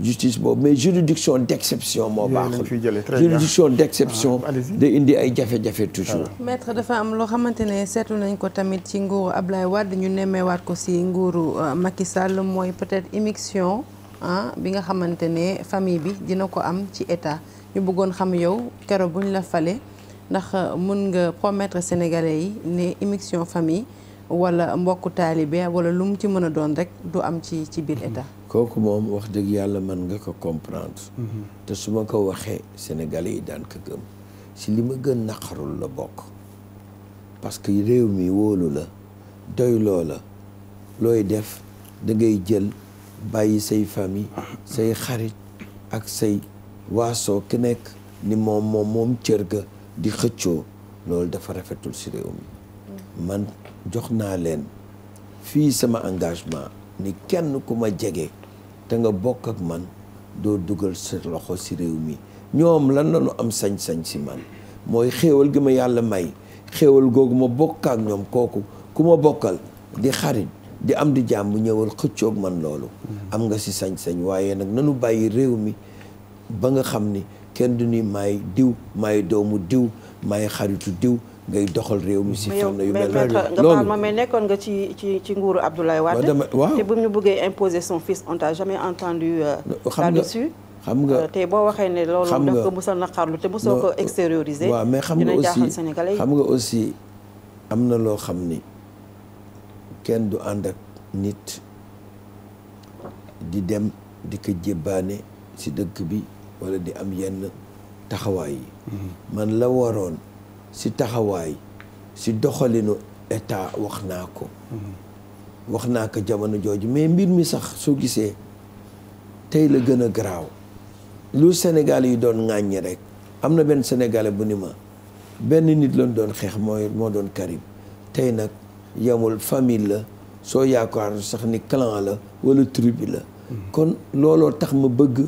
justice boobu mais juridiction d'exception moo baaxul juridiction d'exception ah, da indi ay jafe-jafe toujours maître dafa am loo xamante ne seetlu nañ ko tamit ci nguuru Ablaye Wade ñu nemmeewaat ko si nguuru euh, Macky Sall mooy peut-être immixtion ah bi nga xamante ne famille bi dina ko am ci état ñu bëggoon xam yow kero buñ la fale ndax euh, mën nga promettre sénégalais yi ne immixtion famille wala mbokku taalibe wala lu mu ci mën a doon rek du am ci ci biir mhm. état. kooku moom wax dëgg yàlla mën nga ko comprendre. Mhm. te su ma ko waxee sénégalais yi daan ko si li ma gën naqarul la bokk. parce que réew mi wóolu la doyloo la looy def da ngay jël bàyyi say famille say xarit ak say waasoo ki nekk ni moom moom cër ga di xëccoo loolu dafa rafetul si réew mi mm. jox naa leen fii sama engagement ni kenn ku ma jege te nga bokk ak man doo dugal sa loxo si réew mi ñoom lan la ñu am sañ-sañ si man mooy xéewal gi ma yàlla may xéewal googu ma bokk ak ñoom kooku ku ma bokkal di xarit di am di jàmm ñëwal xëccoog man loolu am nga si sañ-sañ waaye nag nanu bàyyi réew mi ba nga xam ni kenn du ni may diw may doomu diw maay xaritu diw ngay doxal réew mi si fànn yu mel noonu mais nekkoon nga ci ci ci nguuru Abdoulaye Wade waaw te bu ñu bëggee imposer son fils on t'a jamais entendu euh, là-dessus xam nga euh, te boo waxee ne loolu daf ko mos a naqarlu te mosoo ko extérioriser waaw mais xam nga aussi sénégalais xam nga aussi am na loo xam ni kenn du ànd ak nit di dem di ko jébbaane si dëkk bi wala di am yenn taxawaay yi mm-hmm. man la waroon si taxawaay si doxalinu état wax naa ko mm-hmm. wax naa ko jamono jooju mais mbir mi sax soo gisee tey la gën a garaaw lu Sénégal yi doon ŋàññi rekk am na benn sénégalais bu ni ma benn nit lañ doon xeex mooy moo doon Karim tey nag yamul famille la soo yaakaar sax ni clan la wala tribu la mm-hmm. kon looloo tax ma bëgg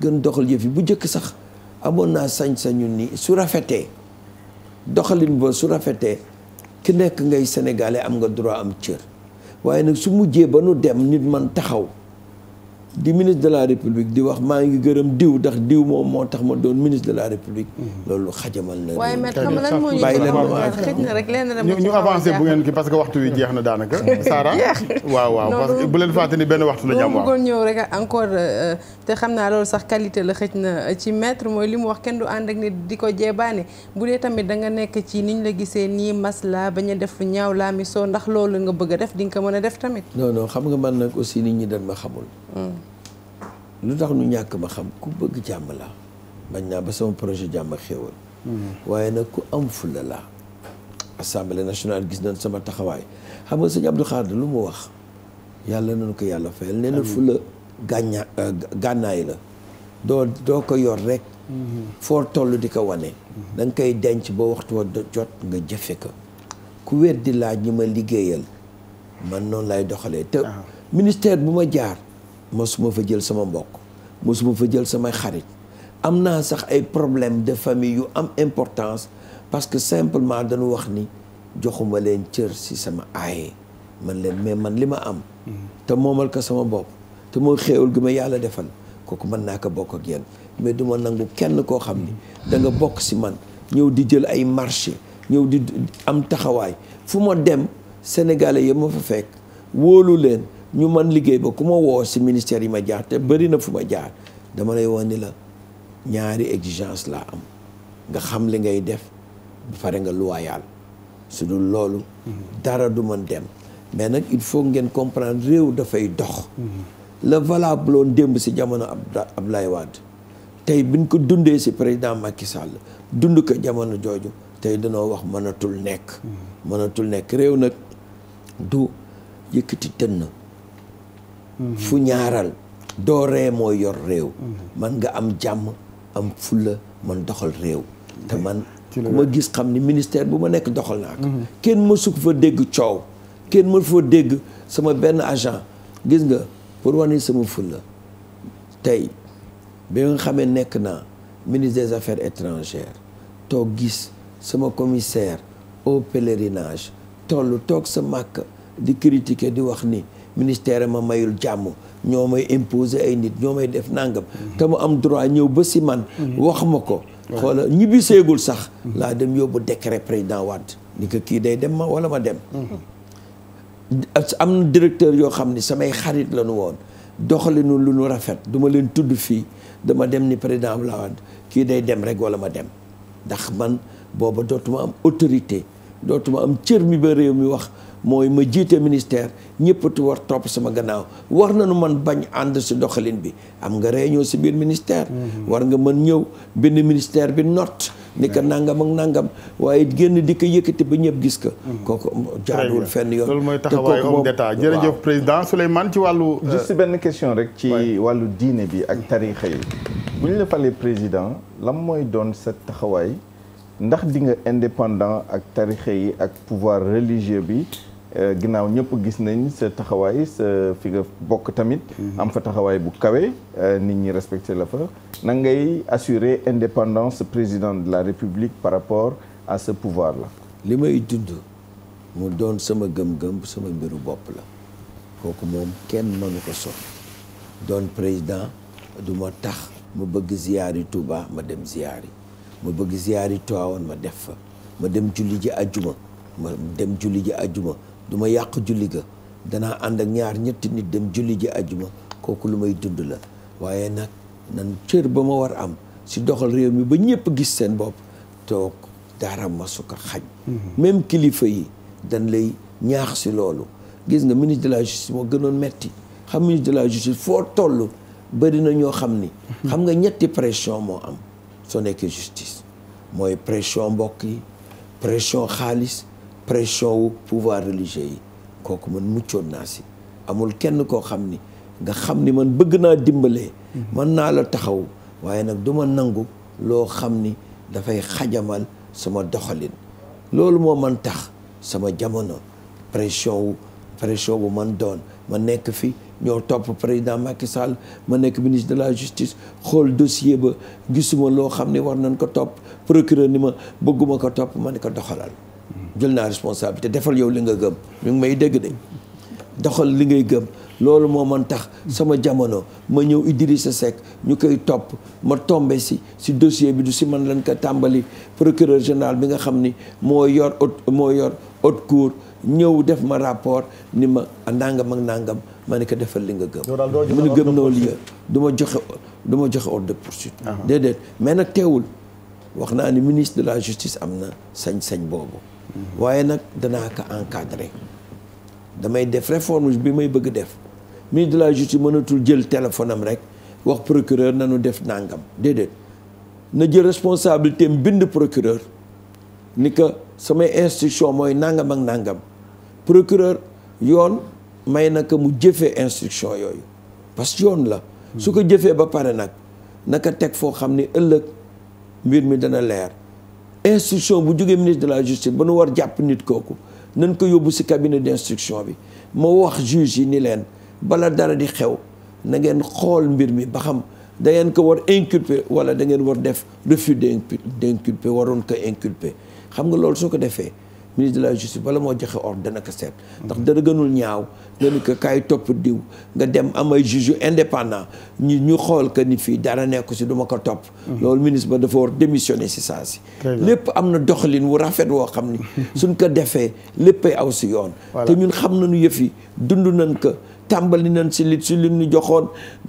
gën doxal yëf yi bu njëkk sax amoon naa sañ-sañu ni su rafetee doxalin ba su rafetee ki nekk ngay sénégalais am nga droit am cër waaye nag su mujjee ba nu dem nit man taxaw di ministre de la république di wax maa ngi gërëm diw ndax diw moom moo tax ma doon ministre de la république. Mm-hmm. loolu xajamal na. waaye maître xam lan moo ñu xëj na bu ngeen ki parce que waxtu wi jeex na daanaka. waaw waaw parce que bu leen fàtte benn waxtu la ñu ñëw rek encore euh, te xam naa loolu sax qualité la xëj na ci maître mooy li mu wax kenn du ànd ak ni di ko jeebaane bu dee tamit da nekk ci niñ la gisee nii masla bañ a def ñaaw laa mi soo ndax loolu nga bëgg def di nga ko mën a def tamit. non non xam nga man nag aussi nit ñi dañ ma xamul lu tax nu ñàkk ma xam ku bëgg jàmm laa bañ naa ba sama projet jàmm xéewal waaye nag ku am fulla laa assemblée nationale gis nañ sama taxawaay xam nga sëñ Abdou Khadre lu mu wax yàlla nañu ko yàlla fayal nee na fulla gàññaa euh, la doo doo ko yor rek mm-hmm. foo toll di ko wane mm-hmm. da koy denc ba waxtu wa jot nga jëfe ko ku wér di laaj ñu ma liggéeyal man noonu lay doxalee te ah. ministère bu ma jaar mosuma fa jël sama mbokk mosuma fa jël samay xarit am naa sax ay problème de famille yu am importance parce que simplement dañu wax ni joxuma leen cër si sama aaye man leen mais man li ma am te moomal ko sama bopp te mooy xéewal gi ma yàlla defal kooku mën naa ko bokk ak mais du ma nangu kenn koo xam ni da bokk si man ñëw di jël ay marché ñëw di am taxawaay fu ma dem sénégalais yi ma fa fekk wóolu leen ñu man liggéey ba ku ma woo si ministère yi ma jaar te bëri na fu ma jaar dama lay wax ni la ñaari exigence laa am nga xam li ngay def ba pare nga loyal su dul loolu dara du man dem mais nag il faut ngeen comprendre réew dafay dox la valable loon démb si jamono Abdoulaye Wade tey biñ ko dundee si président Macky sàll dund ko jamono jooju tey danoo wax mënatul nekk mënatul nekk réew nag du yëkkati tënn fu ñaaral dooree moo yor réew man nga am jàmm am fulla man doxal réew te man ku ma gis xam ni ministère bu ma nekk doxal naa ko mhm. kenn mësu ko fa dégg coow kenn mësu fa dégg sama benn agent gis nga pour wane sama fulla tey bi nga xamee nekk naa ministre des affaires étrangères toog gis sama commissaire au pèlerinage toll toog sa màkk di critiquer di wax ni ministère ma mayul jàmm ñoo may imposer ay nit ñoo may def nangam. te mu am droit ñëw ba si man. wax ma ko. xoola ñibbi seegul sax. laa dem yóbbu décret président Wade ni ko kii day dem ma wala ma dem. am na directeur yoo xam ni samay xarit la nu woon doxalinu lu nu rafet du leen tudd fii dama dem ni président Wade kii day dem rek wala ma dem ndax man booba dootuma am autorité. dootuma am cër mi ba réew mi wax mooy ma jiite ministère ñëpp tu war topp sama gannaaw war na nañu man bañ ànd si doxalin bi am nga réunion si biir ministère. Mhm. war nga mën ñëw benn ministère bi nott ni ko nangam ak nangam waaye génn di ko yëkkati ba ñëpp gis ko. Mhm. ko jaaduwul fenn yoon. loolu mooy taxawaayu homme d'état jërëjëf président Souleymane ci wàllu. Euh, benn question rek ci wàllu diine bi ak tariixa yi. bu ñu la falee président lan mooy doon sa taxawaay. ndax di nga indépendant ak tarixe yi ak pouvoir religieux bi euh, ginnaaw ñëpp gis nañ sa taxawaay sa fi nga bokk tamit mhm. am fa taxawaay bu kawe euh, nit ñi respecté la fa na ngay indépendant sa président de la république par rapport à ce pouvoir la li may tudd mu doon sama gëm-gëm sama mbiru bopp la kooku moom kenn mënu ko sot doon président du ma tax ma bëgg ziyaari Touba ma dem ziyaari ma bëgg ziyaari Tiwaawan ma def fa ma dem julli ji àjjuma ma dem julli du ma yàq julli ga danaa ànd ak ñaar ñetti nit dem julli ji àjjuma kooku lu may dund la waaye nag nan cër ba ma war am si doxal réew mi ba ñëpp gis seen bopp toog dara masu ko xaj mm-hmm. même kilifa yi dan lay ñaax si loolu gis nga ministre de la justice moo gënoon metti xam ministre de la justice foo toll bëri na ñoo xam ni mm-hmm. xam nga ñetti pression moo am soo nekkee justice mooy pression mbokk yi pression xaalis pression wu pouvoir religieux yi kooku man muccoon naa si amul kenn koo xam ni nga xam ni man bëgg naa dimbalee hmm. mën naa la taxaw waaye nag du man nangu loo xam ni dafay xajamal sama doxalin loolu moo man tax sama jamono pression wu pression bu man doon ma nekk fi ñoo topp président Macky Sall ma nekk ministre de la justice xool dossier ba gisuma loo xam ni war nañ ko topp procureur ni ma bëgguma ko topp ma ne ko doxalal jël naa responsabilité defal yow li nga gëm ñu ngi may dégg de doxal li ngay gëm loolu moo man tax sama jamono ma ñëw sa Seck ñu koy topp ma tombé si si dossier bi du si man lañ ko tàmbali procureur général bi nga xam ni moo yor haute moo yor ot cour ñëw def ma rapport ni ma nangam ak nangam ma ne ko defal li nga gëm mu ne gëm noo li du ma joxe du ma joxe ordre de poursuite ah ah. déedéet mais na teewul wax naa ni ministre de la justice am na sañ-sañ boobu mm-hmm. waaye nag danaa ko encadrer damay def réforme bi may bëgg def ministre de la justice mënatul jël téléphone am rek wax procureur nanu def nangam déedéet na jël responsabilité am bind procureur ni que samay instruction mooy nangam ak nangam procureur yoon may na mu jëfee instruction yooyu parce que yoon la su ko jëfee ba pare nag naka teg foo xam ni ëllëg mbir mi dana leer instruction bu jógee ministre de la justice ba nu war jàpp nit kooku nañ ko yóbbu si cabinet d'instruction bi ma wax juge yi ni leen bala dara di xew na ngeen xool mbir mi ba xam da ngeen ko war inculper wala da ngeen war def refus d'inculper waroon ko inculper xam nga loolu soo ko defee ministre de la justice bala moo joxe ordre dana ko seet ndax dara gënul ñaaw nga ni ko kaay topp diw nga dem am ay juge indépendant ñi ñu xool que ni fii dara nekku si du ma ko topp hmm. loolu ministre ba dafa war démissionner si saa si lépp am na doxalin wu rafet woo xam ni suñ ko defee léppay aw si yoon te ñun xam nañu yëf yi dund nañ ko tàmbali nañ si li si li ñu joxoon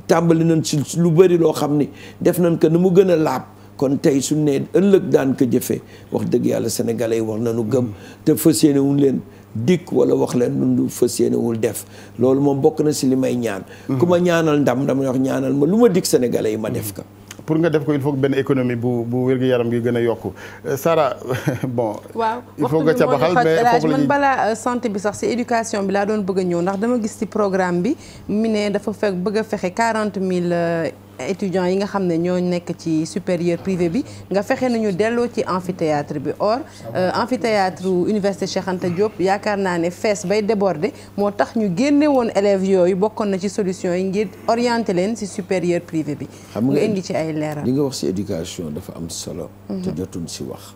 tàmbali nañ si lu bëri loo xam ni def nañ ko ni mu gën a laab kon tey su ne ëllëg daan ko jëfee wax dëgg yàlla sénégalais yi wax nañu gëm te fas yéene wuñ leen dikk wala wax leen nun du fas def loolu moom bokk na si li may ñaan ku ñaanal ndam dama wax ñaanal ma lu ma dikk sénégalais yi ma def ko pour nga def ko il faut benn économie bu bu wér-gu-yaram gi gën a yokku euh, Sara bon. waaw il faut nga ca baxal mais foofu la man balaa euh, santé bi sax si éducation bi laa doon bëgg a ñëw ndax dama gis ci programme bi mu ne dafa fekk bëgg a fexe quarante mille. Euh, étudiants yi nga xam ne ñoo nekk ci supérieur privé bi nga fexe nañu delloo ci amphithéâtre bi or euh, amphithéâtre université Cheikh Anta yaakaar naa ne fees bay débordé moo tax ñu génne woon élèves yooyu bokkoon na ci solution yi ngir orienté leen si supérieur privé bi nga indi ci ay leeral li nga wax si éducation dafa am solo mhm. te jotuñ si wax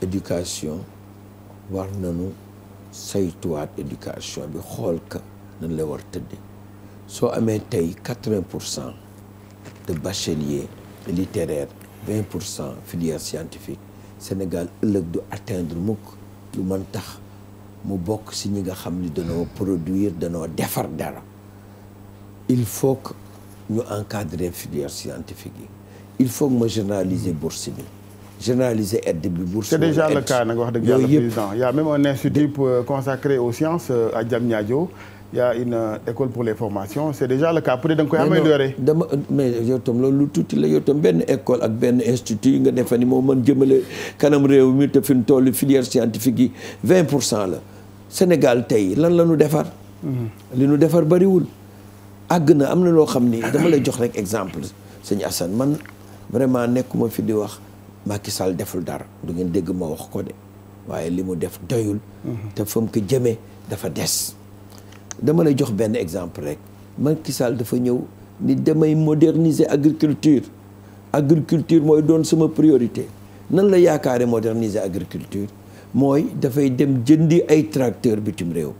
éducation war nañu saytuwaat éducation bi xool ka nan la war tëdde soo amee tey quatre pour cent de bachelier littéraire 20 pour cent filière scientifique Sénégal ëllëg du atteindre mukk lu mën tax mu bokk si ñi nga xam ni danoo produire danoo defar dara il faut que ñu encadrer filière scientifique yi il faut que ma généraliser bourse bi généraliser aide bi bourse c'est déjà le cas nag wax dëgg yàlla président il y a même un institut euh, aux sciences euh, à Diamniadio yaa y une euh, école pour les formations c'est déjà le cas peut-être da nga koy améliorer. dama mais yow tam loolu lu tuuti la yow tam benn école ak benn institut nga defar ni moo mën jëmale kanam réew mi te fi mu toll filière scientifique yi 20 pour cent la Sénégal tey lan la ñu defar. Mm-hmm. li nu defar bariwul. àgg na am na loo xam ni dama lay jox rek exemple sëñ Assane man vraiment nekkuma fi di wax Macky Sall deful dara du ngeen dégg ma wax ko de waaye li mu def doyul. Mm-hmm. te fa mu ko jëmee dafa des. dama lay jox benn exemple rek Macky Sall dafa ñëw ni damay moderniser agriculture agriculture mooy doon sama priorité nan la yaakaare moderniser agriculture mooy dafay dem jëndi ay tracteur bitim réew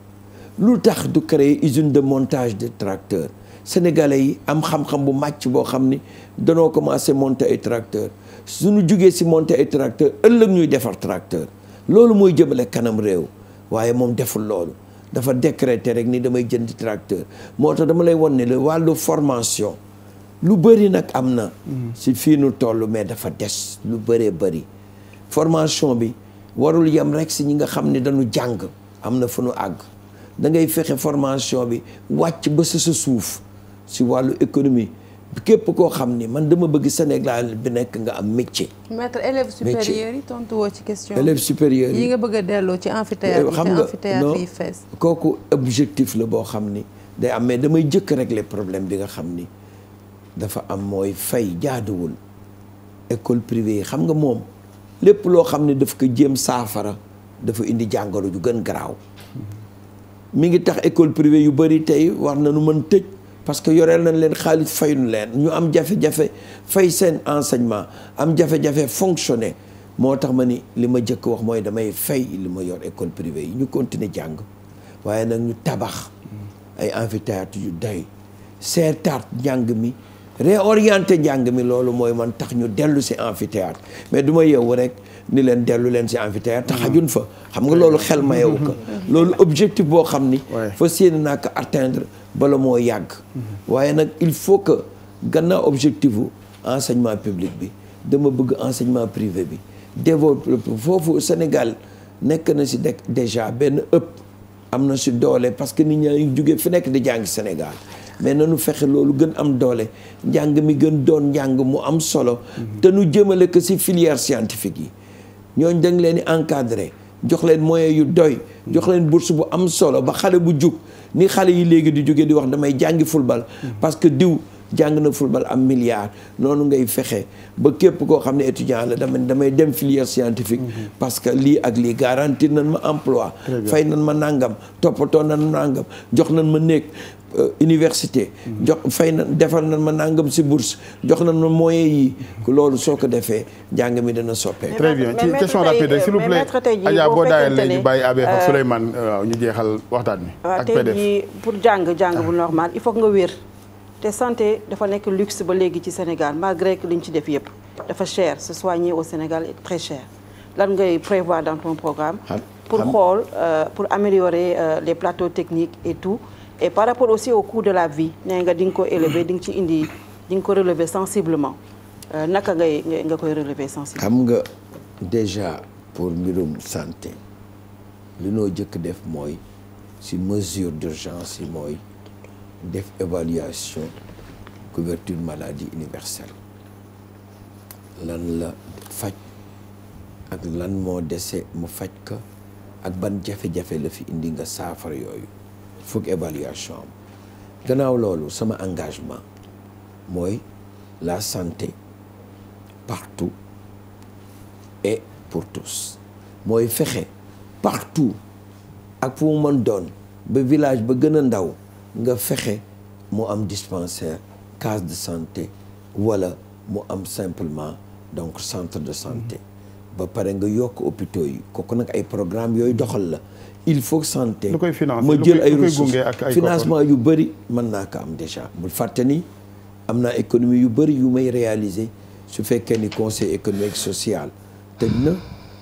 lu tax du créer usine de montage de tracteur sénégalais yi am xam-xam bu màcc boo xam ni danoo commencé monte ay tracteur suñu jugee si monter ay tracteur ëllëg ñuy defar tracteur loolu mooy jëmale kanam réew waaye moom deful loolu dafa décréter rek ni damay jënd tracteur moo tax dama lay won ne la wàllu formation lu bëri nag am na mm-hmm. si fii nu tollu mais dafa des lu bëree bëri formation bi warul yem rek si ñi nga xam ne dañu jàng am na fu ñu àgg da ngay fexe formation bi wàcc ba sa sa suuf si wàllu économie képp koo xam ni man dama bëgg Sénégal bi nekk nga am métier. maître élève supérieurs yi ci question élèves supérieurs yi nga bëgg delloo ci amphithéâtre xam nga amphithéâtre yi fees kooku objectif la boo xam ni day am mais damay jëkk régler problème bi nga xam ni dafa am mooy fay jaaduwul école privée yi xam nga moom lépp loo xam ne daf ko jéem saafara dafa indi jàngoro ju gën garaaw mu ngi tax école privée yu bëri tey war na nu mën tëj parce que yoreel nañ leen xaalis fayuñ leen ñu am jafe-jafe fay seen enseignement am jafe-jafe fonctionner moo tax ma ni li ma jëkk wax mooy damay fay li ma yor école privée yi ñu continuer jàng waaye nag ñu tabax ay amphithéâtre yu day seetaat njàng mi réorienter njàng mi loolu mooy man tax ñu dellu si amphithéâtre mais du ma yeewu rek ni leen dellu leen ci amphithéâtre te mm. xajun fa xam nga loolu xel mayewu ko mm-hmm. Mm-hmm. loolu objectif boo xam ni fa séeni naa ko atteindre bala moo yàgg mm-hmm. waaye nag il faut que gannaaw objectif u enseignement public bi dama bëgg enseignement privé bi développé foofu Sénégal nekk na si de déjà benn ëpp am na si doole parce que nit ñaa ngi jóge fi nekk di jàng Sénégal mais na nanu fexe loolu gën am doole njàng mi gën doon njàng mu am solo te nu jëmale ko ci filière scientifique yi ñooñ da nga leen di encadré jox leen moyens yu doy jox leen bourse bu am solo ba xale bu jug ni xale yi léegi di jugee di wax damay jàngi football parce que diw jàng na football am milliard noonu ngay fexe ba képp koo xam ne étudiant la damay damay dem filière scientifique parce que lii ak lii garantir nañ ma emploi fay nañ ma nàngam toppatoo nañ nàngam jox nañ ma néeg Euh, université. Mm-hmm. jox fay na defal na ma nangam si bourse jox na ma moyen yi. Mm-hmm. loolu soo ko defee njàng mi dana soppee. très bien ci question rapide rek s'il vous plaît Adja boo daayal léegi ñu bàyyi euh, euh, ñu jeexal waxtaan mi pour jàng jàng bu normal il faut nga wér. te santé dafa nekk luxe ba léegi ci Sénégal malgré que lañ ci def yëpp dafa cher se soigner au Sénégal est très cher lan ngay prévoir dans ton programme. pour xool pour améliorer les plateaux techniques et tout. et par rapport aussi au coût de la vie nee nga di ko élever di nga ci indi di nga ko relever sensiblement euh, naka ngay nga koy relever sensiblement. xam nga déjà pour mbirum santé li noo jëkk def mooy si mesure d'urgence yi mooy def évaluation couverture maladie universelle lan la faj ak lan moo dese mu faj ka ak ban jafe-jafe la fi indi nga saafara yooyu. fukk évaluation am gannaaw loolu sama engagement mooy la santé partout et pour tous mooy fexe partout ak fu mu mën doon ba village ba gën a ndaw nga fexe mu am dispensaire case de santé wala mu am simplement donc centre de santé mm-hmm. ba pare nga yokk hôpitaux yi kooku nag ay programme yooyu doxal la il faut santé ma jël ay ressources financement yu bëri mën naa ko am déjà bul fàtte ni am naa économie yu bëri yu may réaliser su fekkee ni conseil économique sociale tëj na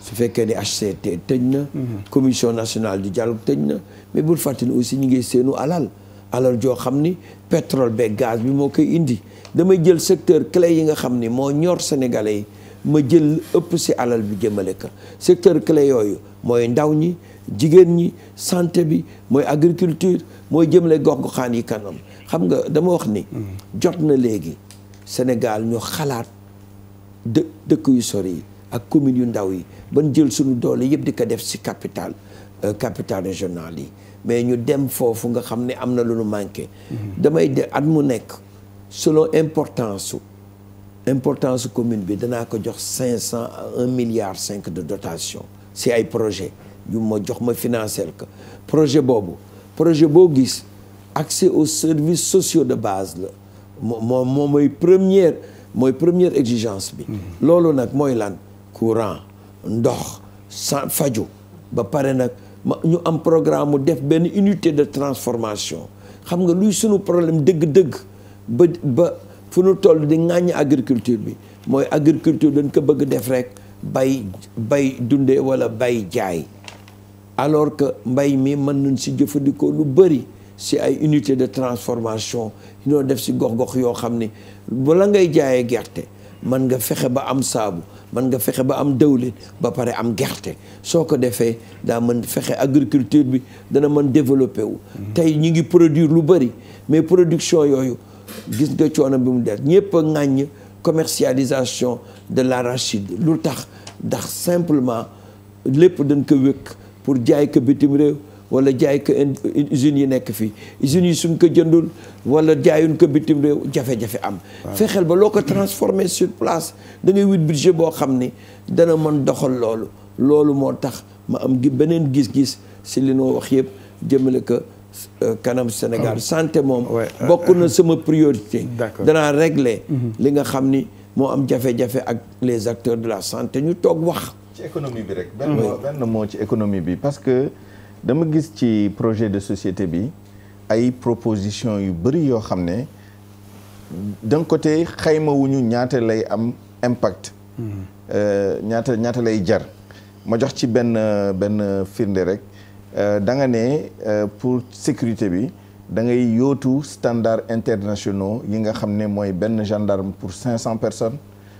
su fekkee ni HCT tëj na mhm. commission nationale du dialogue tëj na mais bul fàtte ni aussi ñu ngi seenu alal alal joo xam ni petrole bee gaz bi moo koy indi damay jël secteur clé yi nga xam ni moo ñor sénégalais yi ma jël ëpp si alal bi jëmale ko secteur clé yooyu mooy ndaw ñi jigéen ñi santé bi mooy agriculture mooy jëmle gox goxaan yi kanam xam nga dama wax ni. jot na léegi Sénégal ñu xalaat dë dëkk yu sori yi ak commune yu ndaw yi ban jël suñu doole yëpp di ko def ci capital euh, capital régional yi mais ñu dem foofu nga xam ne am na lu nu manqué. damay de at mu nekk selon importance su importance commune bi danaa ko jox cinq cent à milliard cinq de dotation si ay projet yu ma jox ma financier ko projet boobu projet boo gis accès au service sociaux de base la moo mooy première mooy première exigence bi mm-hmm. loolu nag mooy lan courant ndox san faju ba pare nag ñu am programme mu def benn unité de transformation xam nga luy sunu problème dëgg-dëgg ba ba fu nu toll di ŋàññ agriculture bi mooy agriculture dañ ko bëgg def rek bay bay dunde wala bay jaay alors que mbay mii mën nañ si jëfandikoo lu bëri si ay unité de transformation ñoo def si gox-gox yoo xam ni bala ngay jaayee gerte man nga fexe ba am saabu man nga fexe ba am dawlin ba pare am gerte soo ko defee daa mën fexe agriculture bi dana mën développé wu mhm. tey ñu ngi produire lu bëri mais production yooyu gis nga coono bi mu def ñëpp a ŋàññ commercialisation de la l'arachide lu tax ndax simplement lépp dañ ko wékk pour jaay ko bitim réew wala jaay ko usines yi nekk fii usines yi suñ ko jëndul wala jaayuñ ko bitim réew jafe-jafe am fexeel ba loo ko transformer sur place da ngay wut budget boo xam ni dana mën doxal loolu loolu moo tax ma am beneen gis-gis si li noo wax yëpp jëmale ko euh, kanam Sénégal santé moom euh, bokku na euh. sama priorité danaa régler mm-hmm. li nga xam ni moo am jafe-jafe ak les acteurs de la santé ñu toog wax ci économie bi rek. Mm-hmm. benn moo ci économie bi parce que dama gis ci projet de société bi ay proposition yu bëri yoo xam ne d'un côté xaymawuñu ñaata lay am impact. Mm-hmm. Euh, ñaata ñaata lay jar. ma jox ci benn benn firnde rek euh, da nga ne euh, pour sécurité bi da ngay yootu standard internationaux yi nga xam ne mooy benn gendarme pour cinq cent personnes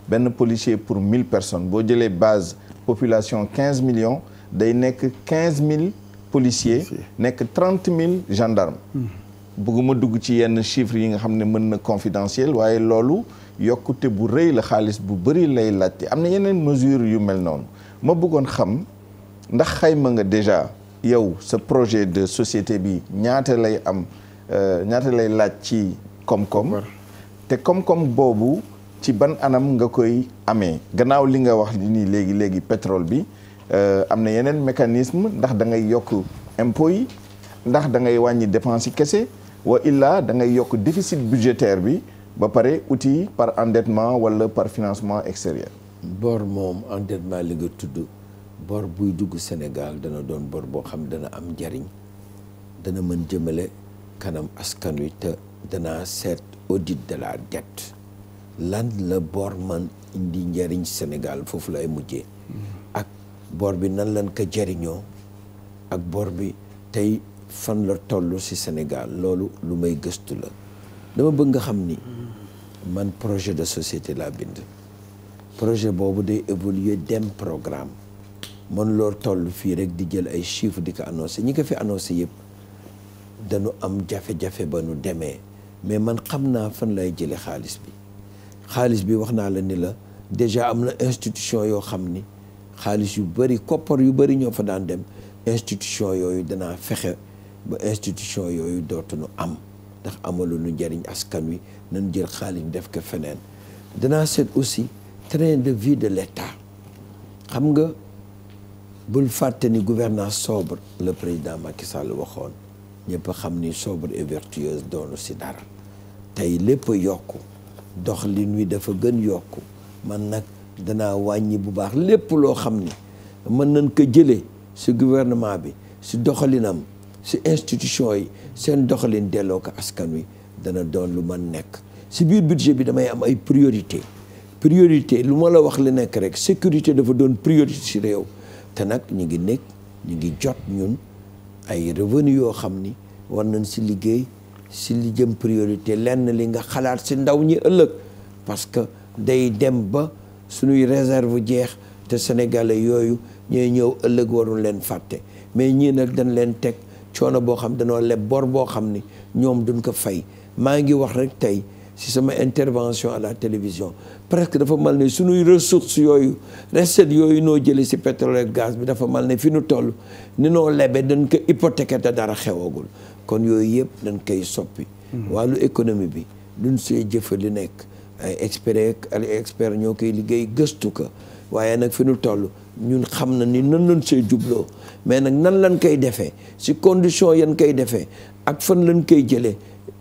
benn policier pour mille personnes boo jëlee base. population 15 millions day nekk 15 mille policiers nekk 30 mille gendarmes hmm. bëgguma dugg ci yenn chiffres yi nga xam ne mën na confidentiel waaye loolu yokkute bu rëy la xaalis bu bëri lay laaj laajte am na yeneen mesure yu mel noonu ma bëggoon xam ndax xayma nga déjà yow sa projet de société bi ñaata lay am euh, ñaata lay laaj ci koom-koom te koom-koom boobu ci ban anam nga koy amee gannaaw li nga wax ni léegi léegi pétrole bi euh, am na yeneen mécanisme ndax da ngay yokk impôts yi ndax da ngay wàññi dépenses yi kese wa illa da ngay yokk déficit budgétaire bi ba pare outil par endettement wala par financement extérieur. bor moom endettement li nga tudd bor buy dugg Sénégal dana doon bor boo xam dana am njariñ dana mën jëmale kanam askan wi te dana seet audit de la lan la bor man indi njariñ Sénégal foofu lay mujjee ak bor bi nan lan ko jariñoo ak bor bi tey fan la toll ci Sénégal loolu lu may gëstu la dama bëgg nga xam ni man projet de société laa bind projet boobu day évoluer dem programme man loolu toll fii rek di jël ay chiffres di ko annoncé ñi ko fi annoncé yëpp danu am jafe-jafe ba nu demee mais man xam naa fan lay jële xaalis bi xaalis bi wax naa la ni la déjà am na institution yoo xam ni xaalis yu bëri koppar yu bari ñoo fa daan dem institution yooyu danaa fexe ba institution yooyu dootuñu am ndax amalu lu njëriñ askan wi nañ jël xaalis def ko feneen danaa seet aussi train de vie de l'État xam nga bul fàtte ni gouvernance sobre le président Macky Sall waxoon ñëpp xam ni sobre et vertueuse doonu si dara tey lépp yokku doxalin wi dafa gën yokk man nag danaa wàññi bu baax lépp loo xam ni mën nañ ko jëlee si gouvernement bi si doxalinam si institution yi seen doxalin delloo ko askan wi dana doon lu man nekk si biir budget bi damay am ay priorité priorité lu ma la wax li nekk rek sécurité dafa doon priorité si réew te nag ñu ngi nekk ñu ngi jot ñun ay revenu yoo xam ni war nañ si liggéey si li jëm priorité lenn li nga xalaat si ndaw ñi ëllëg parce que day dem ba suñuy réserve jeex te sénégalais yooyu ñooy ñëw ëllëg warul leen fàtte mais ñii nag dañ leen teg coono boo xam danoo leb bor boo xam ni ñoom duñ ko fay maa ngi wax rek tey si sama intervention à la télévision presque dafa mal ne suñuy ressources yooyu recettes yooyu noo jëlee si pétrole ak gaz bi dafa mal ne fi nu toll ni noo lebe dañ ko hypothéquer te dara xewagul kon yooyu yëpp dañ koy soppi mhm. wàllu économie bi duñ see jëfa nekk ay expert ay expert ñoo koy liggéey gëstu ko waaye nag fi ñu toll ñun xam na ni nan lañ see jubloo mais nag nan lañ koy defee si condition yan koy defee ak fan lañ koy jëlee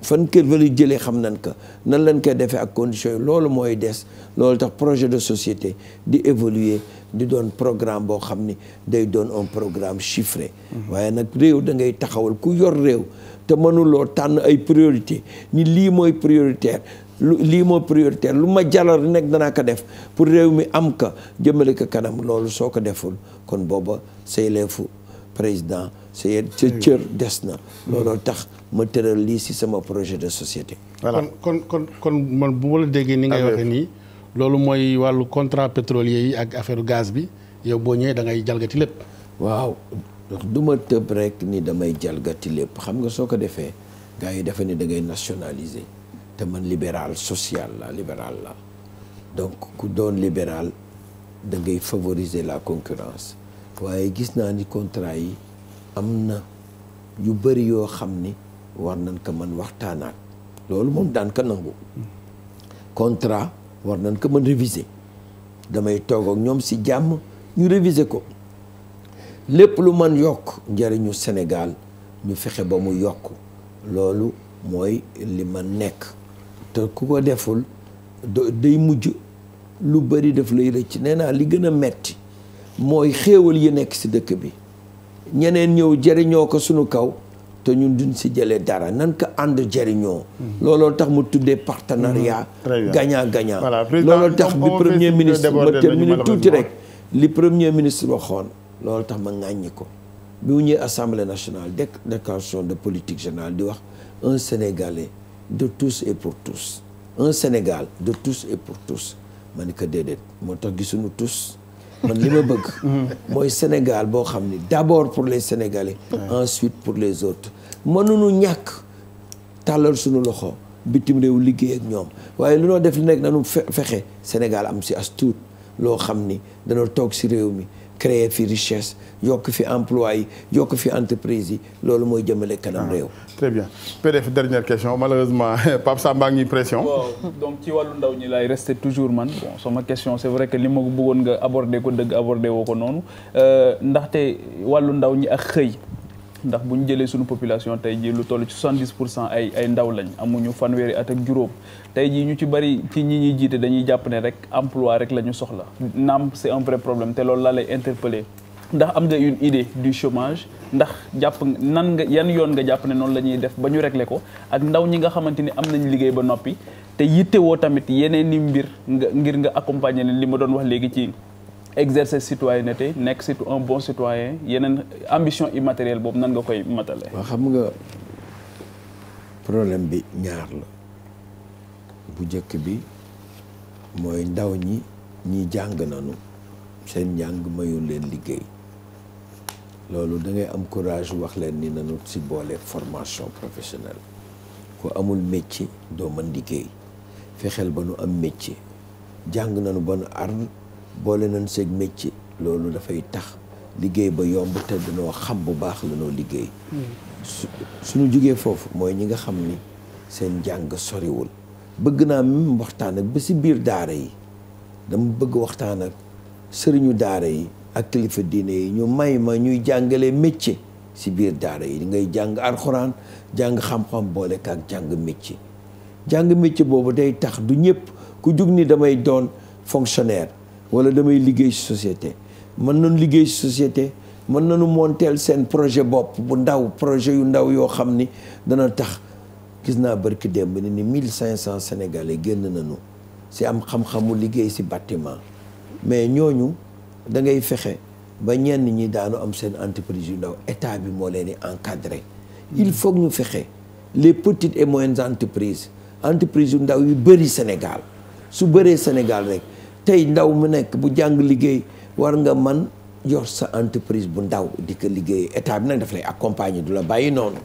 fan kër value jëlee xam nañ ko nan lañ koy defee ak condition loolu mooy des loolu tax projet de société di évoluer di doon programme boo xam ni day doon un programme chiffré mhm. waaye nag réew da ngay taxawal ku yor réew te mënuloo tànn ay priorité ni lii mooy prioritaire lu lii moo prioritaire lu ma jalar nekk danaa ko def pour réew mi am ka jëmale ko kanam loolu soo ko deful kon booba say leefu président say ca cër des na mhm. looloo tax ma tëral lii si sama projet de société. voilà kon kon kon man bu ma la déggee ni ngay waxee nii. loolu mooy wàllu contrat pétrolier yi ak affaire gaz bi yow boo ñëwee da ngay jalgati lépp. waaw du ma tëb rek ni damay jalgati lépp xam nga soo ko defee gars yi dafa ne da nationaliser te man libéral sociale la libéral la donc ku doon libéral da ngay favoriser la concurrence waaye gis naa ni contrat yi am na yu bëri yoo xam ni. war nañ ko mën waxtaanaat loolu moom daan ko nangu contrat war nañ ko mën réviser damay toog ak ñoom si jàmm ñu réviser ko lépp lu mën yokk njëriñu Sénégal ñu fexe ba mu yokk loolu mooy li man nekk te ku ko deful day mujj lu bari daf lay rëcc nee naa li gën a metti mooy xéewal yi nekk si dëkk bi ñeneen ñëw jëriñoo ko sunu kaw te ñun duñ si jëlee dara nan ko ànd jëriñoo. looloo tax mu tuddee partenariat. Mm-hmm. gagnant gagnant looloo tax bi premier ministre ma termine tuuti rek. li premier ministre waxoon loolu tax ma ŋàññi ko bi mu ñëwee assemblée nationale dé de politique générale di wax un sénégalais de tous et pour tous un sénégal de tous et pour tous ma ni ko déedéet moo tax gisuñu tous man li ma bëgg mm-hmm. mooy sénégal boo xam ni d'abord pour les sénégalais ensuite pour les autres mënuñu ñàkk tàllal suñu loxo bitim réew liggéey ak ñoom waaye lu noo def li nekk nanu fexe Sénégal am si as loo xam ni danoo toog si réew mi créer fi richesse yokk fi emploi yi yokk fi entreprise yi loolu mooy jëmale kanam ah, réew. très bien PDF dernière question malheureusement Pape Samba ngi pression. waaw donc ci wàllu ndaw ñi laay rester toujours man bon sama question c'est vrai que li ma bëggoon nga aborder ko dëgg aborder woo ko noonu euh, ndaxte wàllu ndaw ñi ak xëy. ndax bu ñu jëlee suñu population tey jii lu toll ci 70 pour cent ay ay ndaw lañ amuñu fanweeri at ak juróom tey jii ñu ci bari ci ñi ñuy jiite dañuy jàpp ne rek emploi rek la ñu soxla naam c'est un problème te loolu laa lay interpeller ndax am nga une idée du chomage ndax jàpp nan nga yan yoon nga jàpp ne noonu la ñuy def ba ñu régler ko ak ndaw ñi nga xamante ni am nañ liggéey ba noppi te yittewoo tamit yeneen i mbir nga ngir nga accompagner leen li ma doon wax léegi ci exercer citoyenneté nekk surtout un bon citoyen yeneen ambition immatérielle boobu nan nga koy matale waaw xam nga problème bi ñaar la bu jëkk bi mooy ndaw ñi ñi jàng nañu seen njàng mayu leen liggéey loolu dangay ngay am courage wax leen ni nañu ci boole formation professionnelle ku amul métier doo mën liggéey fexeel ba nu am métier jàng nañu ba nu ar boole nañ seeg métier loolu dafay tax liggéey ba yomb te danoo xam bu baax lanoo liggéey su suñu jugee foofu mooy ñi nga xam ni seen jàng soriwul bëgg naa même waxtaan ak ba si biir daara yi dama bëgg waxtaan ak sëriñu daara yi ak kilifa diine yi ñu may ma ñuy jàngale métier si biir daara yi ngay jàng alxuraan jàng xam-xam boole ak jàng métier jàng métier boobu day tax du ñëpp ku jug ni damay doon fonctionnaire wala damay liggéey ci société mën nañu liggéey ci société mën nañu monteel seen projet bopp bu ndaw projet yu ndaw yoo xam ni dana tax gis naa barki démb ni mille cinq cent sénégalais génn nañu si am xam-xamu liggéey si bâtiment mais ñooñu da ngay fexe ba ñenn ñi daanu am seen entreprise yu ndaw état bi moo leen di encadrer il faut ñu fexe les petites et moyennes entreprises entreprises yu ndaw yu bëri Sénégal su bëree Sénégal rek tey ndaw mu nekk bu jàng liggéey war nga man yor sa entreprise bu ndaw di ko liggéey état bi nag daf lay accompagner du la bàyyi noonu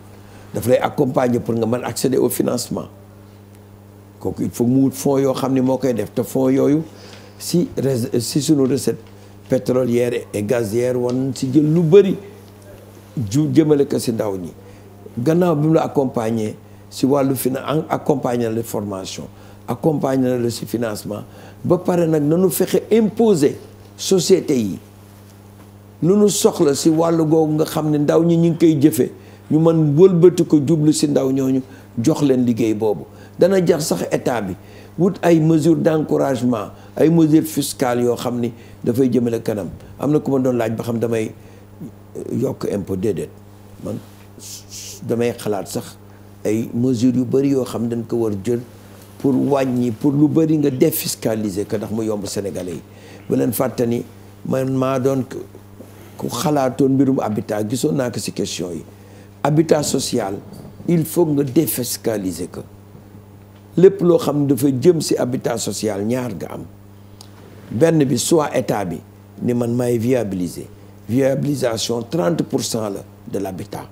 daf lay accompagner pour nga man accéder au financement kooku il faut mu wut fonds yoo xam ne moo koy def te fonds yooyu si si sunu recette pétrolière et gazière war nañ si jël lu bëri ju jëmale ko si ndaw ñi gannaaw bi mu la accompagner si wàllu fina accompagner la formation accompagner la si financement ba pare nag nanu fexe imposer société yi lu nu soxla si wàll googu nga xam ne ndaw ñi ñu ngi koy jëfe ñu mën wëlbati ko jublu si ndaw ñooñu jox leen liggéey boobu dana jax sax état bi wut ay mesures d'encouragement ay mesures fiscales yoo xam ni dafay jëmale kanam am na ku ma doon laaj ba xam damay euh, yokk impôt déedéet man damay xalaat sax ay mesures yu bari yoo xam dañ ko war jël pour wàññi pour lu bëri nga défiscaliser ko ndax mu yomb Sénégalais yi bu leen fàtte ni man maa doon ku xalaatoon mbirum habitat gisoon naa ko ci question yi habitat social il faut nga défiscaliser ko lépp loo xam ne dafa jëm si habitat sociale ñaar nga am benn bi soit état bi ni man may viabiliser viabilisation 30 pour cent la de la l'habitat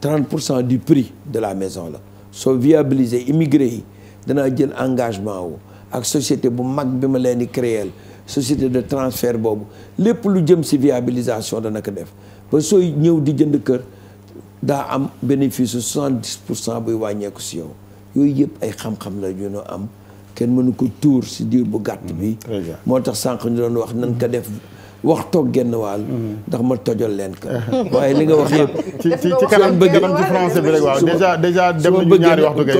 30 pour cent du prix de la maison la soo viabiliser immigré yi danaa jël engagement wu ak société bu mag bi ma leen di créer société de transfert boobu lépp lu jëm ci viabilisation dana ko def ba sooy ñëw di jënd kër daa am bénéfice su 70 pour cent buy wàññeeku ci yow yooyu yëpp ay xam-xam la ñu am kenn mënu ko tuur si diir bu gàtt bi. moo tax sànq ñu doon wax nan ko def. wax toog genn waal ndax ma tojol leen ka waaye li nga wax yëpp ci ci kanam bëgg ci français bi rek waaw déjà déjà dem nañu ñaari waxtu kay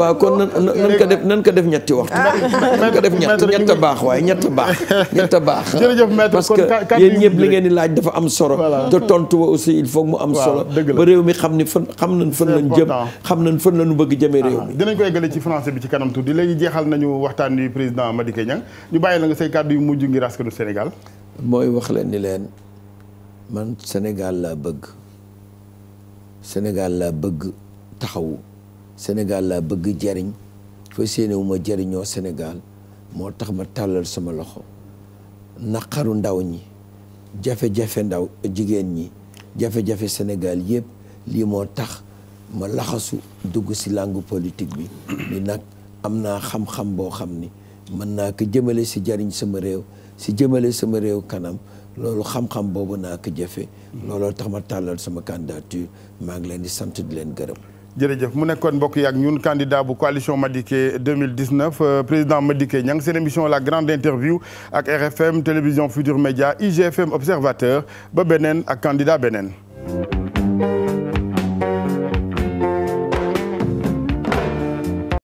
waaw kon nan ko def ko def ñetti waxtu ah. nan ko def ñett baax waaye ñett baax ñett jërëjëf maître parce que yéen ngeen di laaj dafa am solo te tontu wa aussi il faut mu am solo ba réew mi xam ni xam nañ fan lañ jëm xam nañ fan lañu bëgg jëmee réew ah, mi ko eggale ci français bi ci kanam tuuti léegi jeexal nañu waxtaan wi président Madické Niang ñu bàyyi la nga say kàddu yu mujj ngir askanu Sénégal mooy wax leen ni leen man Sénégal laa bëgg Sénégal laa bëgg taxawu Sénégal laa bëgg jariñ fa séenéwu ma jariñoo senegaal moo tax ma tàllal sama loxo naqaru ndaw ñi jafe-jafe ndaw jigéen ñi jafe-jafe Sénégal yëpp lii moo tax ma laxasu dugg ci langue politik bi ni nag am naa xam-xam boo xam ni mën naa ko jëmale ci jariñ sama réew si jëmale sama réew kanam loolu xam-xam boobu naa ko jëfe looloo tax ma tàllal sama candidature maa ngi leen di sant di leen gërëm jërëjëf mu nekkoon mbokk yi ak ñun candidat bu coalition Madické 2019 euh, président Madické ña ngi seen émission la grande interview ak RFM télévision Futur Média IGFM observateur ba beneen ak candidat beneen